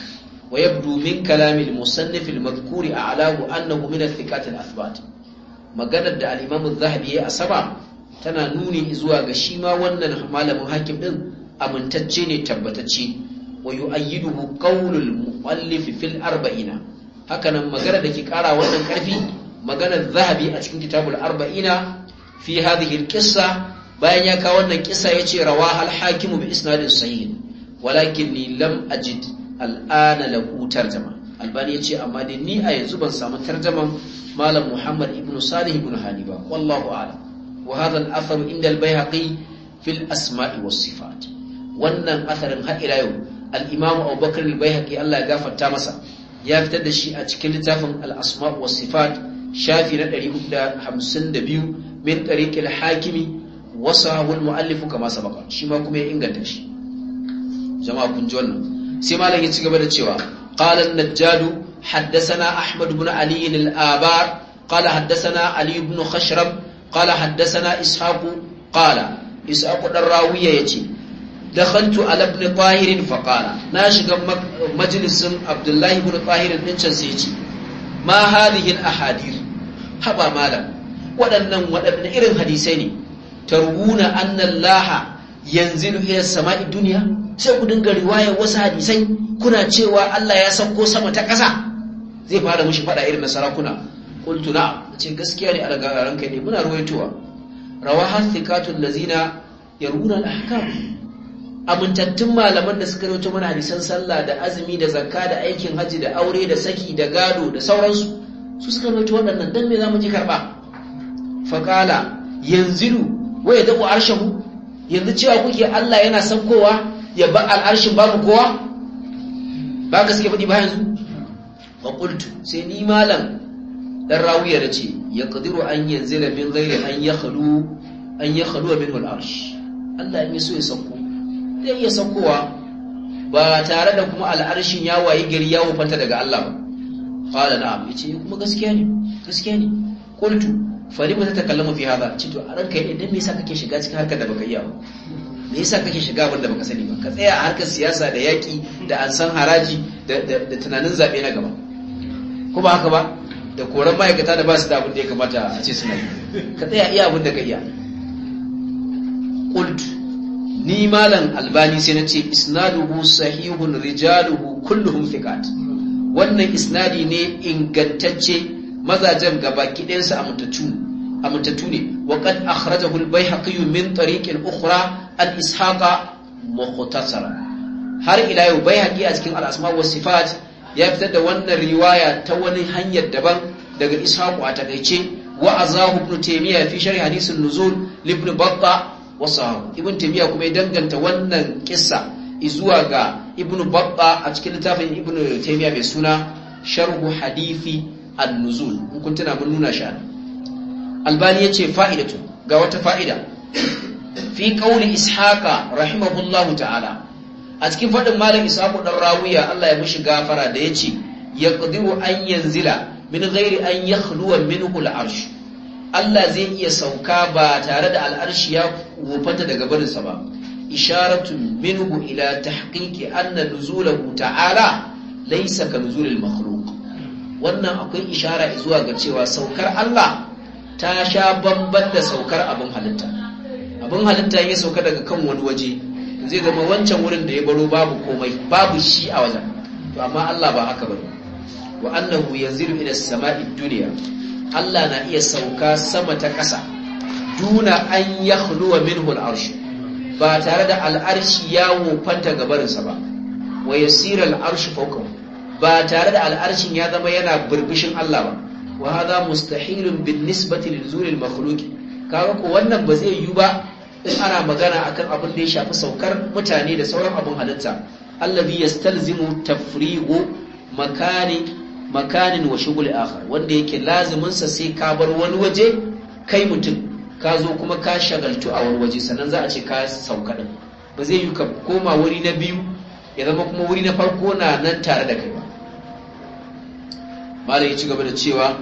Speaker 1: wa yabdu min kalami al-musannif al-madhkuri a'lahu annahu min al-thiqat al-athbat maganar da al-imam az-zahabi ya asaba tana nuni zuwa ga shi ma wannan malamin hakim din amintacce ne tabbatacce wa yuayyidu qawlul muallif fil arba'ina hakanan magana da ke kara wannan karfi maganar zahabi a cikin kitabul arba'ina fi hadhihi alqissa bayan ya kawo wannan kissa yace rawaha al-hakim bi isnadin sahih ni lam ajid al-ana lahu tarjama albani yace amma dai ni a yanzu ban samu tarjaman malam muhammad ibn salih ibn hani ba wallahu a'lam wa hadha al-athar inda al-bayhaqi fi al-asma'i was-sifat wannan atharin har ila yau al-imam abubakar al-bayhaqi Allah ya gafarta masa ya fitar da shi a cikin littafin al-asma' was-sifat shafi na 452 min tariqil hakimi wasahu al-muallif kama sabaka shi ma kuma ya inganta shi jama'a kun ji wannan sai malam ya ci gaba da cewa qala an Haddasana haddathana ahmad ibn ali al-abar qala haddathana ali ibn khashrab qala haddathana ishaq qala ishaq dan rawiya yace dakhaltu ala ibn tahir fa qala na shiga majlisin abdullahi ibn tahir can sai yace ma hadhihi haba malam waɗannan waɗannan irin hadisai ne targuna annallaha yanzilu ila sama'i duniya sai ku dinga riwayar wasu hadisai kuna cewa Allah ya sauko sama ta ƙasa zai fara mushi faɗa irin na sarakuna qultu na ce gaskiya ne a kai ne muna ruwaitowa rawaha thiqatul lazina yaruna al-ahkam amintattun malaman da suka rawaito mana hadisan sallah da azumi da zakka da aikin haji da aure da saki da gado da sauransu su suka roci waɗannan don me za mu ji karɓa faƙala yanzilu wa ya daɓo arshahu yanzu cewa kuke Allah yana saukowa ya ba al'arshin babu kowa ba ka suke faɗi ba yanzu faƙultu sai ni malam ɗan rawiya da ce ya ƙadiru an yanzu da min zai an ya halu an ya halu min wal'arshi Allah ya so ya sauko zai iya saukowa ba tare da kuma al'arshin ya wayi gari ya wufanta daga Allah ba qala na'am yace kuma gaskiya ne gaskiya ne qultu falima tatakallamu fi hadha ce to a ranka yadda me yasa kake shiga cikin harkar da baka yi ba me yasa kake shiga abin da baka sani ba ka tsaya a harkar siyasa da yaki da an san haraji da tunanin zabe na gaba ko ba haka ba da koran ma'aikata da ba su da abin da ya kamata a ce suna yi ka tsaya iya abin da ka iya qultu ni malam albani sai na ce isnaduhu sahihun rijaluhu kulluhum thiqat wannan isnadi ne ingantacce mazajen gaba ɗayansu a mutattu a mutattu ne wa qad akhrajahu al-baihaqi min tariqin ukhra al-ishaqa har ila yau baihaqi a cikin al-asma wa sifat ya fitar da wannan riwaya ta wani hanyar daban daga ishaqu a takeice wa azahu ibn taymiya fi sharh hadith an-nuzul li ibn battah wa sahab ibn taymiya kuma ya danganta wannan kissa izuwa ga ibnu babba a cikin littafin ibnu taymiya mai suna sharhu hadithi an-nuzul kun tana mun nuna shi albani yace fa'idatu ga wata fa'ida fi qauli ishaqa rahimahullahu ta'ala a cikin fadin malam ishaqu dan rawiya Allah ya mishi gafara da yace yaqdiru an yanzila min ghairi an yakhluwa minhu al-arsh Allah zai iya sauka ba tare da al'arshi ya wufata daga barinsa ba isharatun minhu ila tahqiqi anna nuzulahu ta'ala laysa ka nuzulil makhluq wannan akwai ishara zuwa ga cewa saukar Allah ta sha bamban da saukar abin halitta abin halitta ya sauka daga kan wani waje zai zama wancan wurin da ya baro babu komai babu shi a wajen to amma Allah ba haka bane wa annahu yanzilu ila samai dunya Allah na iya sauka sama ta ƙasa duna an yakhluwa minhu al-arsh ba tare da al'arshi ya wofanta gabarinsa ba wa yasira al'arshi ba tare da al'arshin ya zama yana birbishin Allah ba wa hadha mustahilun bin nisbati zuri al makhluq kaga ko wannan ba zai yiwu ba in ana magana akan abin da ya shafi saukar mutane da sauran abin halitta allazi yastalzimu tafrigu tafrigo makanin wa shughul akhar wanda yake lazimin sa sai ka bar wani waje kai mutum ka zo kuma ka shagaltu a wani waje sannan za a ce ka sauka din ba zai yi ka koma wuri na biyu ya zama kuma wuri na farko na nan tare da kai ba malam ya ci gaba da cewa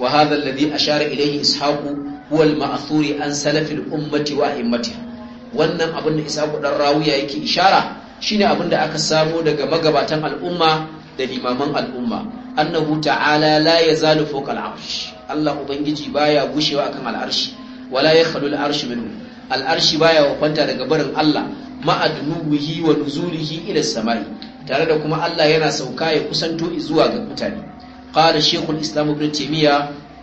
Speaker 1: wa hadha alladhi ashara ilayhi ishaqu huwa al-ma'thuri an salafil ummati wa wannan abin da ishaqu dan rawiya yake ishara shine abin da aka samo daga magabatan al'umma da limaman al'umma annahu ta'ala la yazalu fawqa al-'arsh Allah ubangiji baya gushewa akan al'arshi. wala ya al-arshu minhu al-arshi baya kwanta daga barin Allah ma'adnuhi wa nuzulihi ila samai tare da kuma Allah yana sauka ya kusanto zuwa ga mutane qala shaykhul islam ibn taymiya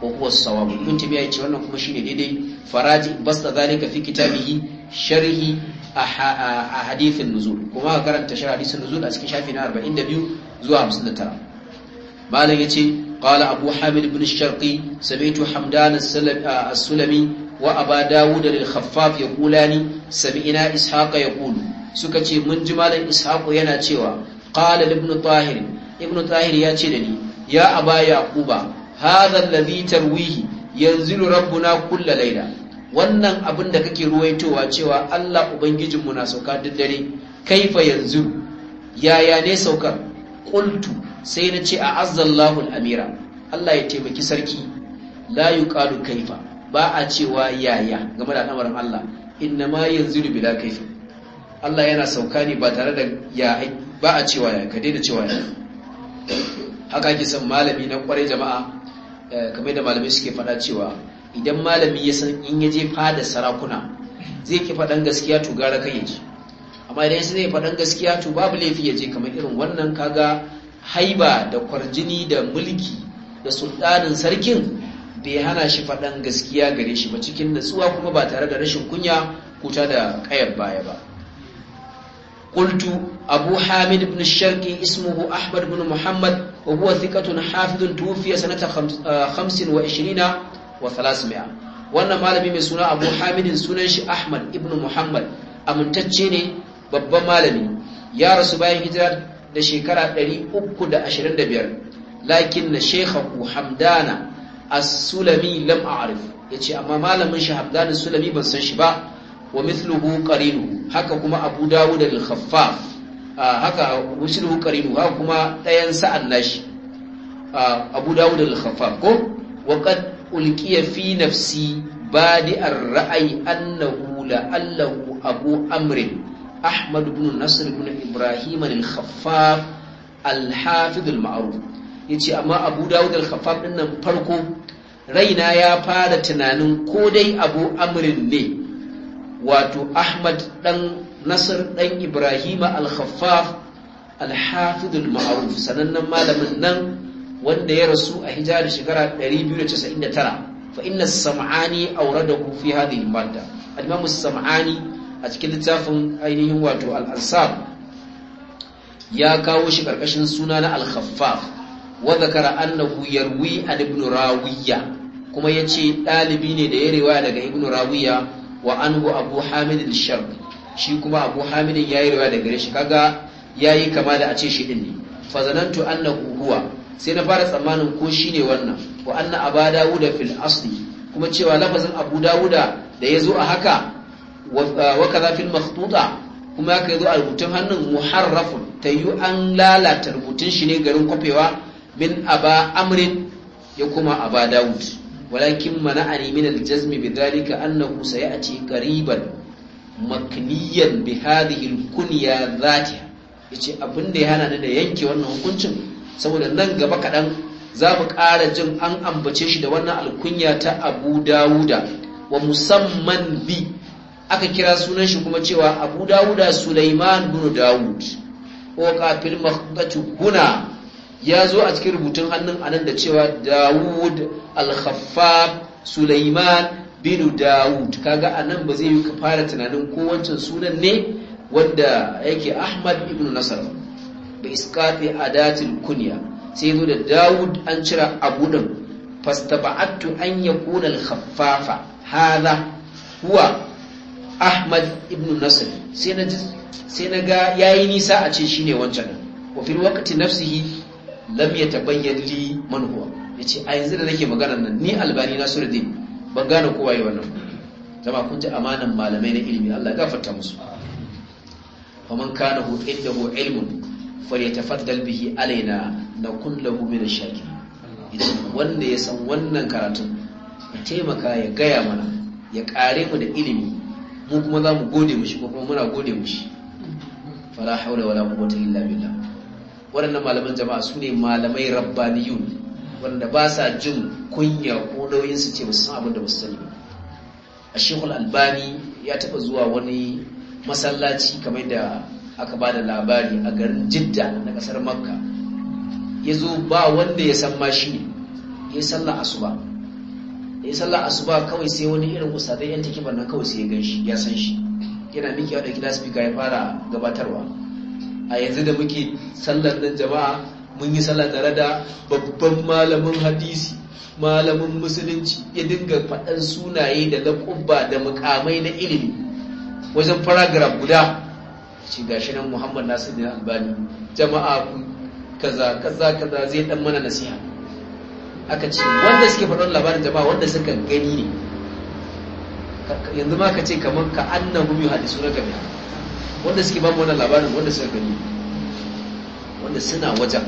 Speaker 1: wa huwa sawab ibn taymiya yace wannan kuma shine daidai faraji basta zalika fi kitabihi sharhi a hadithin nuzul kuma ka karanta sharh hadith an-nuzul a cikin shafi na 42 zuwa 59 malam yace qala abu hamid ibn sharqi sami'tu hamdan as-sulami وأبا داود للخفاف يقولان سمعنا إسحاق يقول سكتي من جمال إسحاق ينا تيوى قال لابن طاهر ابن طاهر Ya يا أبا يعقوب هذا الذي ترويه ينزل ربنا كل ليلة wannan abin da kake ruwaitowa cewa Allah Ubangijinmu na sauka duk dare kaifa yanzu yaya ne saukar Ƙultu. sai na ce a azzallahu al-amira Allah ya taimaki sarki la yuqalu kaifa ba a cewa yaya game da al'amarin Allah inna ma yanzu yanzilu bila kai Allah yana sauka ne ba tare da ya ba a cewa ya ka daina cewa ya haka ke san malami na kwarai jama'a eh, kamar da malamai suke faɗa cewa idan malami ya san in ya je fada sarakuna zai ki faɗan gaskiya to gara kai ji amma idan sai zai faɗan gaskiya to babu laifi ya je kamar irin wannan kaga haiba da kwarjini da mulki da sultanin sarkin bai hana shi faɗan gaskiya gare shi ba cikin natsuwa kuma ba tare da rashin kunya kuta da ƙayar baya ba kultu abu hamid ibn sharqi ismuhu ahmad ibn muhammad wa huwa thiqatun hafidun tufiya sanata 25 ah, wa 300 wannan malami mai suna abu hamidin sunan shi ahmad ibn muhammad amintacce ne babban malami ya rasu bayan hijira da shekara 325 lakin na ku hamdana as-sulami lam a'rif yace amma malamin shi Hamdan as-sulami ban san shi ba wa mithluhu qarinu haka kuma Abu Dawud al-Khaffaf ah, haka mithluhu qarinu haka kuma ɗayan sa'an nashi ah, Abu Dawud al-Khaffaf ko wa qad ulqiya fi nafsi badi ar annahu la'allahu Abu Amr Ahmad ibn Nasr ibn Ibrahim al-Khaffaf al-Hafiz al-Ma'ruf ya ce amma abu dawud al-khaffaf din nan farko raina ya fara tunanin ko dai abu amrin ne wato ahmad dan nasir dan ibrahima al-khaffaf al-hafid al-ma'ruf sanannen malamin nan wanda ya rasu a hijira shekara 299 fa inna sam'ani awradahu fi hadhihi al-madda al-imam sam'ani a cikin littafin ainihin wato al ya kawo shi karkashin suna na al wa zakara annahu yarwi an ibn rawiya kuma yace dalibi ne da yarewa daga ibn rawiya wa anhu abu hamid al-sharb shi kuma abu hamid ya yi daga shi kaga yayi kama da a ce shi din ne fa zanantu annahu huwa sai na fara tsammanin ko shine wannan wa anna aba dawuda fil asli kuma cewa lafazin abu dawuda da ya zo a haka wa ah, kaza fil makhtuta kuma ya kai a rubutun hannun muharrafun ta yi an lalata rubutun shi ne garin kwafewa min aba amrin ya kuma aba dawud walakin mana mana'ani min aljazmi bidhalika annahu sayati qariban makniyan bi hadhihi alkunya dhatiha yace abinda ya hana ni da yanke wannan hukuncin saboda nan gaba kadan za mu ƙara jin an ambace shi da wannan alkunya ta Abu Dawuda wa musamman bi aka kira sunan shi kuma cewa Abu Dawuda Sulaiman bin Dawud ko kafil makhdatu huna ya zo a cikin rubutun hannun anan da cewa Dawud al-Khaffab Sulaiman bin Dawud kaga anan ba zai yi ka fara tunanin ko wancan sunan ne wanda yake Ahmad ibn Nasr bi a adatil kunya sai zo da Dawud an cira Abu din fastaba'attu an yakuna al-Khaffafa hadha huwa Ahmad ibn Nasr sai na sai na ga yayi nisa a ce shine wancan wa fil waqti nafsihi lam yatabayyan li man huwa yace a yanzu da nake magana nan ni albani na nasiruddin ban gane kowa yi wannan jama kun ji amanan malamai na ilimi Allah ya gafarta musu man kana hu indahu ilmun falyatafaddal bihi alaina nakun lahu min ash-shakir wanda ya san wannan karatu ya taimaka ya gaya mana ya kare mu da ilimi mu kuma za mu gode mushi ko kuma muna gode mushi fala haura wala quwwata illa billah waɗannan malaman jama'a su ne malamai rabbaniyun wanda ba sa jin kunya ko nauyin su ce ba san abin da ba su sani ba a shekul albani ya taɓa zuwa wani masallaci kamar da aka ba da labari a garin jidda na ƙasar makka ya zo ba wanda ya san ma shi ne ya yi sallah asuba ya yi sallah asuba kawai sai wani irin dai yan takibar nan kawai sai ya gan shi san shi yana miƙewa da gida speaker ya fara gabatarwa a yanzu da muke sallar nan jama'a mun yi sallar tare da babban malamin hadisi malamin musulunci ya dinga faɗan sunaye da laƙubba da mukamai na ilimi wajen paragraf guda ce gashi nan muhammad Nasiru da albani jama'a ku kaza kaza kaza zai dan mana nasiha aka ce wanda suke faɗan labarin jama'a wanda suka gani ne yanzu ma ka ce kamar ka yu hadisu na gabi wanda suke ba wannan labarin wanda suka gani wanda suna wajen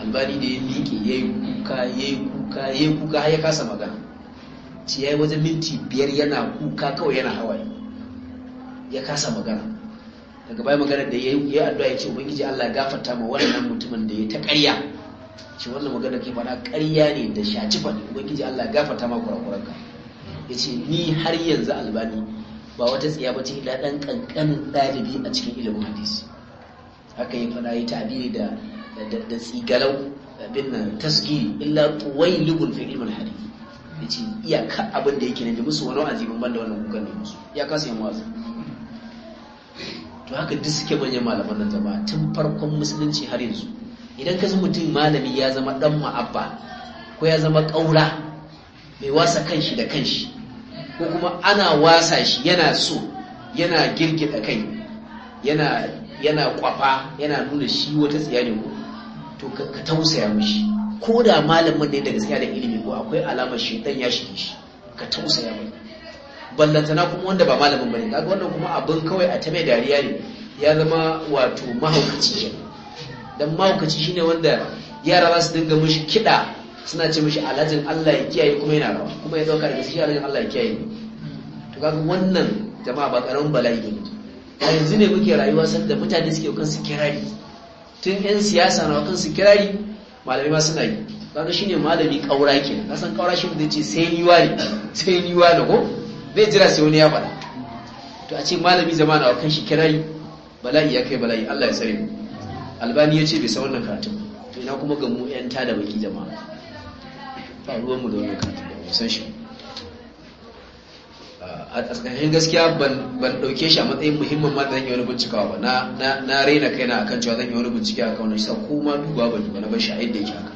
Speaker 1: albani da ya miƙe ya yi kuka ya yi kuka ya yi kuka ya kasa magana ci ya yi wajen minti biyar yana kuka kawai yana hawaye ya kasa magana daga baya magana da ya yi addu'a ya ce ubangiji Allah ya gafarta ma wannan mutumin da ya ta ƙarya ce wannan magana ke faɗa ƙarya ne da shaci ne ubangiji Allah ya gafarta ma kurakuranka ya ce ni har yanzu albani ba wata tsiya ba ce ila ɗan ƙanƙanin ɗalibi a cikin ilimin hadisi haka yi fada yi tabiri da da tsigalau abin nan tasgiri illa tuwailubun fi ilimin hadisi ce iyaka abin da yake ne musu wani azibin banda wannan kukan da musu iyaka sai yin wazi to haka duk suke manyan malaman nan zama tun farkon musulunci har yanzu idan ka mutum malami ya zama dan ma'abba ko ya zama ƙaura mai wasa kanshi da kanshi ko kuma ana wasa shi yana so yana girgida kai yana yana kwafa yana nuna shi wata tsiya ne ko to ka tausaya mishi ko da malamin ne da gaskiya da ilimi ko akwai alamar shaitan ya shige shi ka tausaya mai ballantana kuma wanda ba malamin bane kaga wannan kuma abin kawai a ta mai dariya ne ya zama wato mahaukaci dan mahaukaci shine wanda yara za su dinga mishi kiɗa suna ce mishi alhajin Allah ya kiyaye kuma yana rawa kuma ya dauka da shi alhajin Allah ya kiyaye to kaga wannan jama'a ba karamin bala'i bane a yanzu ne muke rayuwa sanda mutane suke kan su kirari tun yan siyasa na kan su kirari malami ma suna yi kaga shine malami kaura ke na san kaura shi mutum ce sai ni wani sai ni wani ko bai jira sai wani ya faɗa to a ce malami zamana a kan shi kirari bala'i ya kai bala'i Allah ya tsare mu albani ya ce bai san wannan karatun to ina kuma ga mu yan tada baki jama'a ba ruwan mu da wani karatu ba san shi a tsakanin gaskiya ban dauke shi a matsayin muhimmin ma da zan yi wani bincikawa ba na na raina kaina akan cewa zan yi wani bincike a wannan shi sa ko ma duba ban duba na bar shi a yadda yake haka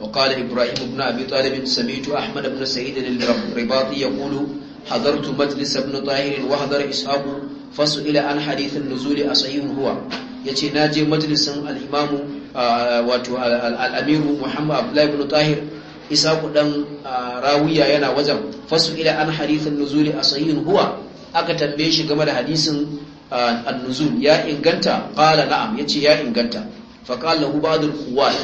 Speaker 1: وقال إبراهيم بن أبي طالب سمعت أحمد بن سعيد الرباطي يقول حضرت مجلس ابن طاهر وحضر إسحاق فسئل عن حديث النزول أصحيح هو yace na je majalisin al'imamu wato al'amiru muhammad abdullahi ibn tahir isaku dan rawiya yana wajen fasu ila an hadithin nuzuli a sahihin huwa aka tambaye shi game da hadisin annuzul ya inganta qala na'am yace ya inganta fa qala lahu ba'dul quwwat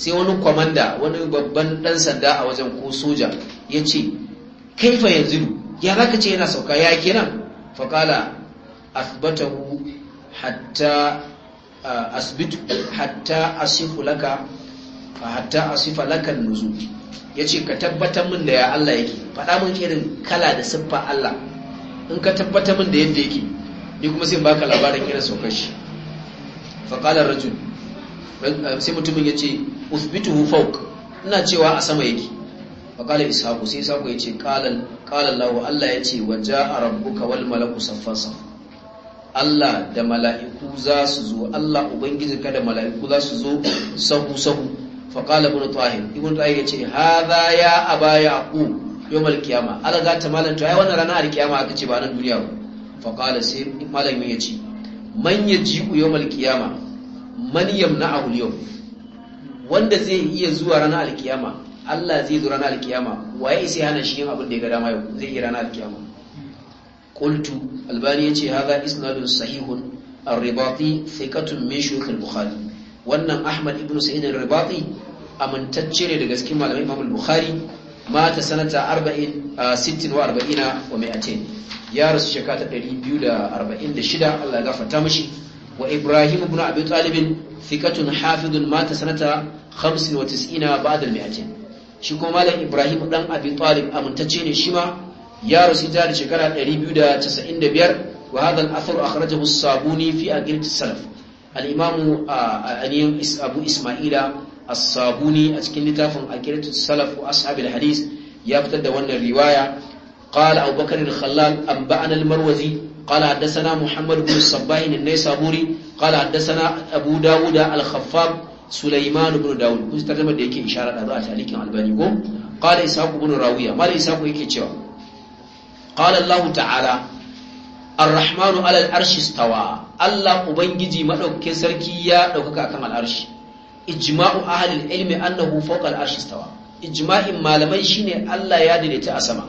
Speaker 1: sai wani komanda wani babban dan sanda a wajen ko soja yace kaifa yanzu ya zaka ce yana sauka ya kenan fa qala asbatahu hatta asbitu hatta asifu laka hatta asifa laka nuzul ya ce ka tabbatar min da ya Allah yake faɗa min irin kala da siffa Allah in ka tabbatar min da yadda yake ni kuma sai baka labarin irin saukar shi faƙalar rajul sai mutumin ya ce usbituhu fawq ina cewa a sama yake faƙalar ishaku sai ishaku ya ce ƙalar lawa Allah ya ce waje a rabbuka wal malaku saffasa Allah da mala'iku za su zo Allah ubangiji ka da mala'iku za su zo sahu sahu faƙala ibn tahir ibn tahir ya ce haza ya aba yaqub yawmal qiyama ala za ta malam to ai rana ranar alkiyama aka ce ba nan duniya ba faƙala sai malam ya ce man yaji'u yawmal qiyama man yamna'ahu al-yawm wanda zai iya zuwa ranar alkiyama Allah zai zo ranar alkiyama waye sai hana shi yin abin da ya ga dama yau zai yi ranar alkiyama qultu albani ya ce haza isnadun sahihun ar-ribati thiqatun min shuyukh al-bukhari wannan ahmad ibn sa'id al-ribati amintacce ne da gaske malamin imam bukhari mata sanata 40 wa 40 wa 200 ya rasu shekara 246 Allah ya gafarta mishi wa ibrahim ibn abi talib thiqatun hafidun mata sanata 95 ba'da al shi kuma malam ibrahim dan abi talib amintacce ne shi ma ya rasu ta da shekara 295 wa hadha al-athar akhrajahu as-sabuni fi aqilat as-salaf al'imamu abu ismaila as-sabuni a cikin littafin akiratu salaf wa ashabil ya fitar da wannan riwaya qala abubakar al marwazi قال حدثنا محمد بن الصباح النيسابوري قال حدثنا ابو داود الخفاب سليمان بن داود kun tarjama da yake isharar da zuwa talikin albani ko qala ishaq ibn rawiya mala ishaq yake cewa ta'ala الرحمن على العرش استوى Allah ubangiji madaukakin sarki ya ɗaukaka kan al'arshi ijma'u ahlil ilmi annahu fawqa al'arshi stawa ijma'in malamai shine Allah ya daidaita a sama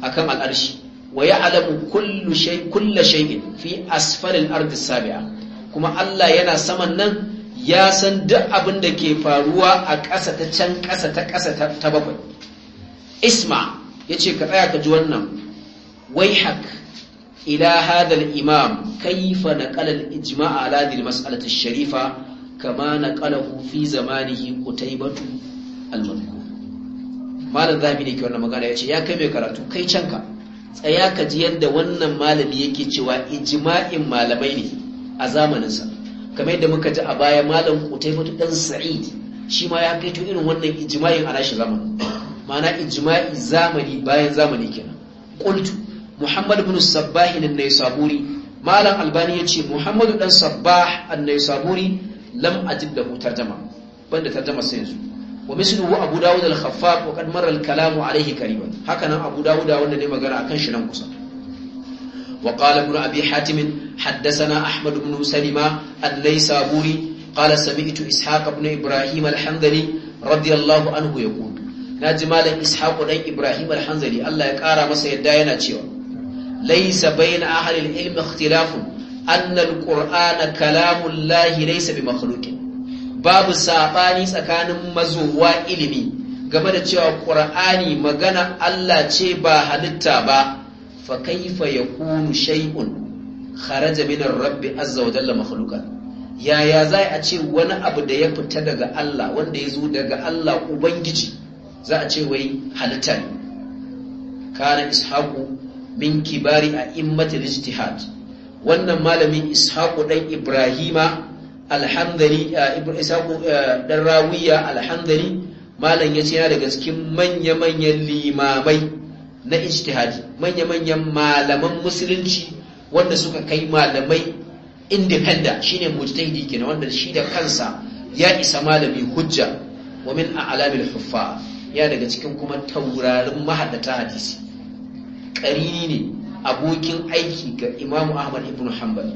Speaker 1: akan al'arshi wa ya'lamu kullu shay shay'in fi asfalin ardi sabi'a kuma Allah yana saman nan ya san duk abin da ke faruwa a ƙasa ta can ƙasa ta ƙasa ta bakwai isma yace ka tsaya ka ji wannan wai hak ila hadha imam kayfa naqala al-ijma' ala hadhihi al-mas'alati ash-sharifa kama naqalahu fi zamanihi qutaybatu al-madhkur malam zabi ne ke wannan magana ce ya kai mai karatu kai can ka, tsaya ka ji yadda wannan malami yake cewa ijma'in malamai ne a zamaninsa kamar yadda muka ji a baya malam qutaybatu dan sa'id shi ma ya kai to irin wannan ijma'in a rashin zamani ma'ana ijma'i zamani bayan zamani kenan qultu muhammad bin sabahi ne nai saburi malam albani ya ce muhammadu dan sabah an nai saburi lam ajib da hutar jama banda tarjama sai yanzu wa mislu wa abu dawud al khaffaf wa kad marra al kalam alayhi kariba haka nan wanda ne magana kan shi nan kusa wa qala ibn abi hatim haddathana ahmad ibn salima an nai saburi qala sami'tu ishaq ibn ibrahim al hamdani radiyallahu anhu yaqul naji malam ishaq dan ibrahim al hanzali allah ya kara masa yadda yana cewa laysa bayna ahli al-ilm ikhtilafun anna al-qur'ana kalamullahi laysa bi babu sabani tsakanin mazuwa ilimi game da cewa ƙur'ani magana Allah ce ba halitta ba fa kaifa yakunu shay'un kharaja min ar-rabb azza wa jalla makhluqan yaya za a ce wani abu da ya fita daga Allah wanda ya zo daga Allah ubangiji za a ce wai halittar. ne kana ishaqu min kibari a immatul ijtihad wannan malamin ishaku dan ibrahima alhandari eh, ishaqu eh, dan rawiya alhandari malam yace yana daga cikin manya-manyan limamai na ijtihadi manya-manyan malaman musulunci wanda suka kai malamai independent shine mujtahidi kenan wanda shi da kansa ya isa malami hujja wa min a'lamil huffa ya daga cikin kuma taurarin mahaddata hadisi ƙarini ne abokin aiki ga imamu ahmad ibn hanbal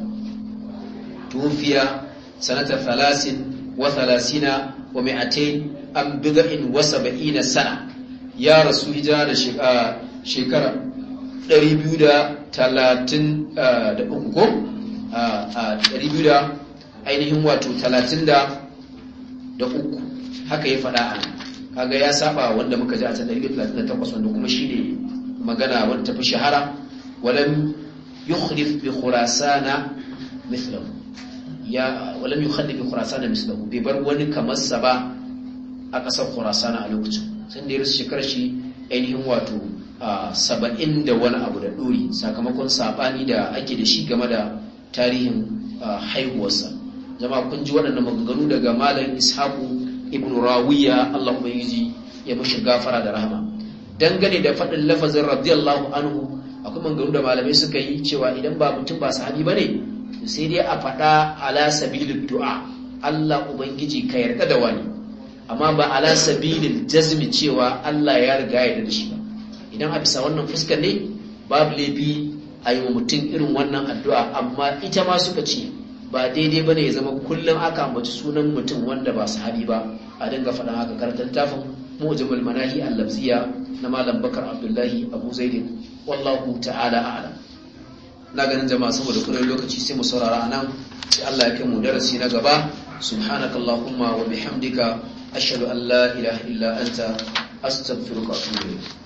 Speaker 1: tufiya sanata falasin wa thalasina wa mi'atain an bida'in wa saba'ina sana ya rasu hijira da ah, shekara 233 ah, ko 200 ah, ainihin wato 33 haka ya faɗa a kaga ya saba wanda muka ji a can 138 wanda kuma shi ne magana wanda tafi shahara walam yukhlif bi khurasana mithlahu ya walam yukhlif bi khurasana mithlahu bi bar wani kamar sa ba a kasar khurasana a lokacin sun da yarsu shekarar shi ainihin wato saba'in da wani abu da ɗori sakamakon saɓani da ake da shi game da tarihin haihuwarsa zama kun ji waɗannan maganganu daga malam ishaku ibn rawiya allah ubangiji ya mashi gafara da rahama dangane da faɗin lafazin radiyallahu anhu akwai manganu da malamai suka yi cewa idan ba mutum ba sahabi ba ne sai dai a faɗa ala sabilin du'a Allah Ubangiji ka yarda da wani amma ba ala sabilin jazmi cewa Allah ya riga ya da shi ba idan a bisa wannan fuskar ne babu laifi a yi mutum irin wannan addu'a amma ita ma suka ce ba daidai ba ne ya zama kullum aka ambaci sunan mutum wanda ba sahabi ba a dinga faɗan haka karatun tafin mujamul manahi al-labziya na malam bakar abdullahi abu zaidin wallahu ta'ala a'lam na ganin jama'a saboda kullum lokaci sai mu saurara nan. sai Allah ya kai mu darasi na gaba subhanakallahumma wa hamdika. ashhadu an la ilaha illa anta astaghfiruka wa atubu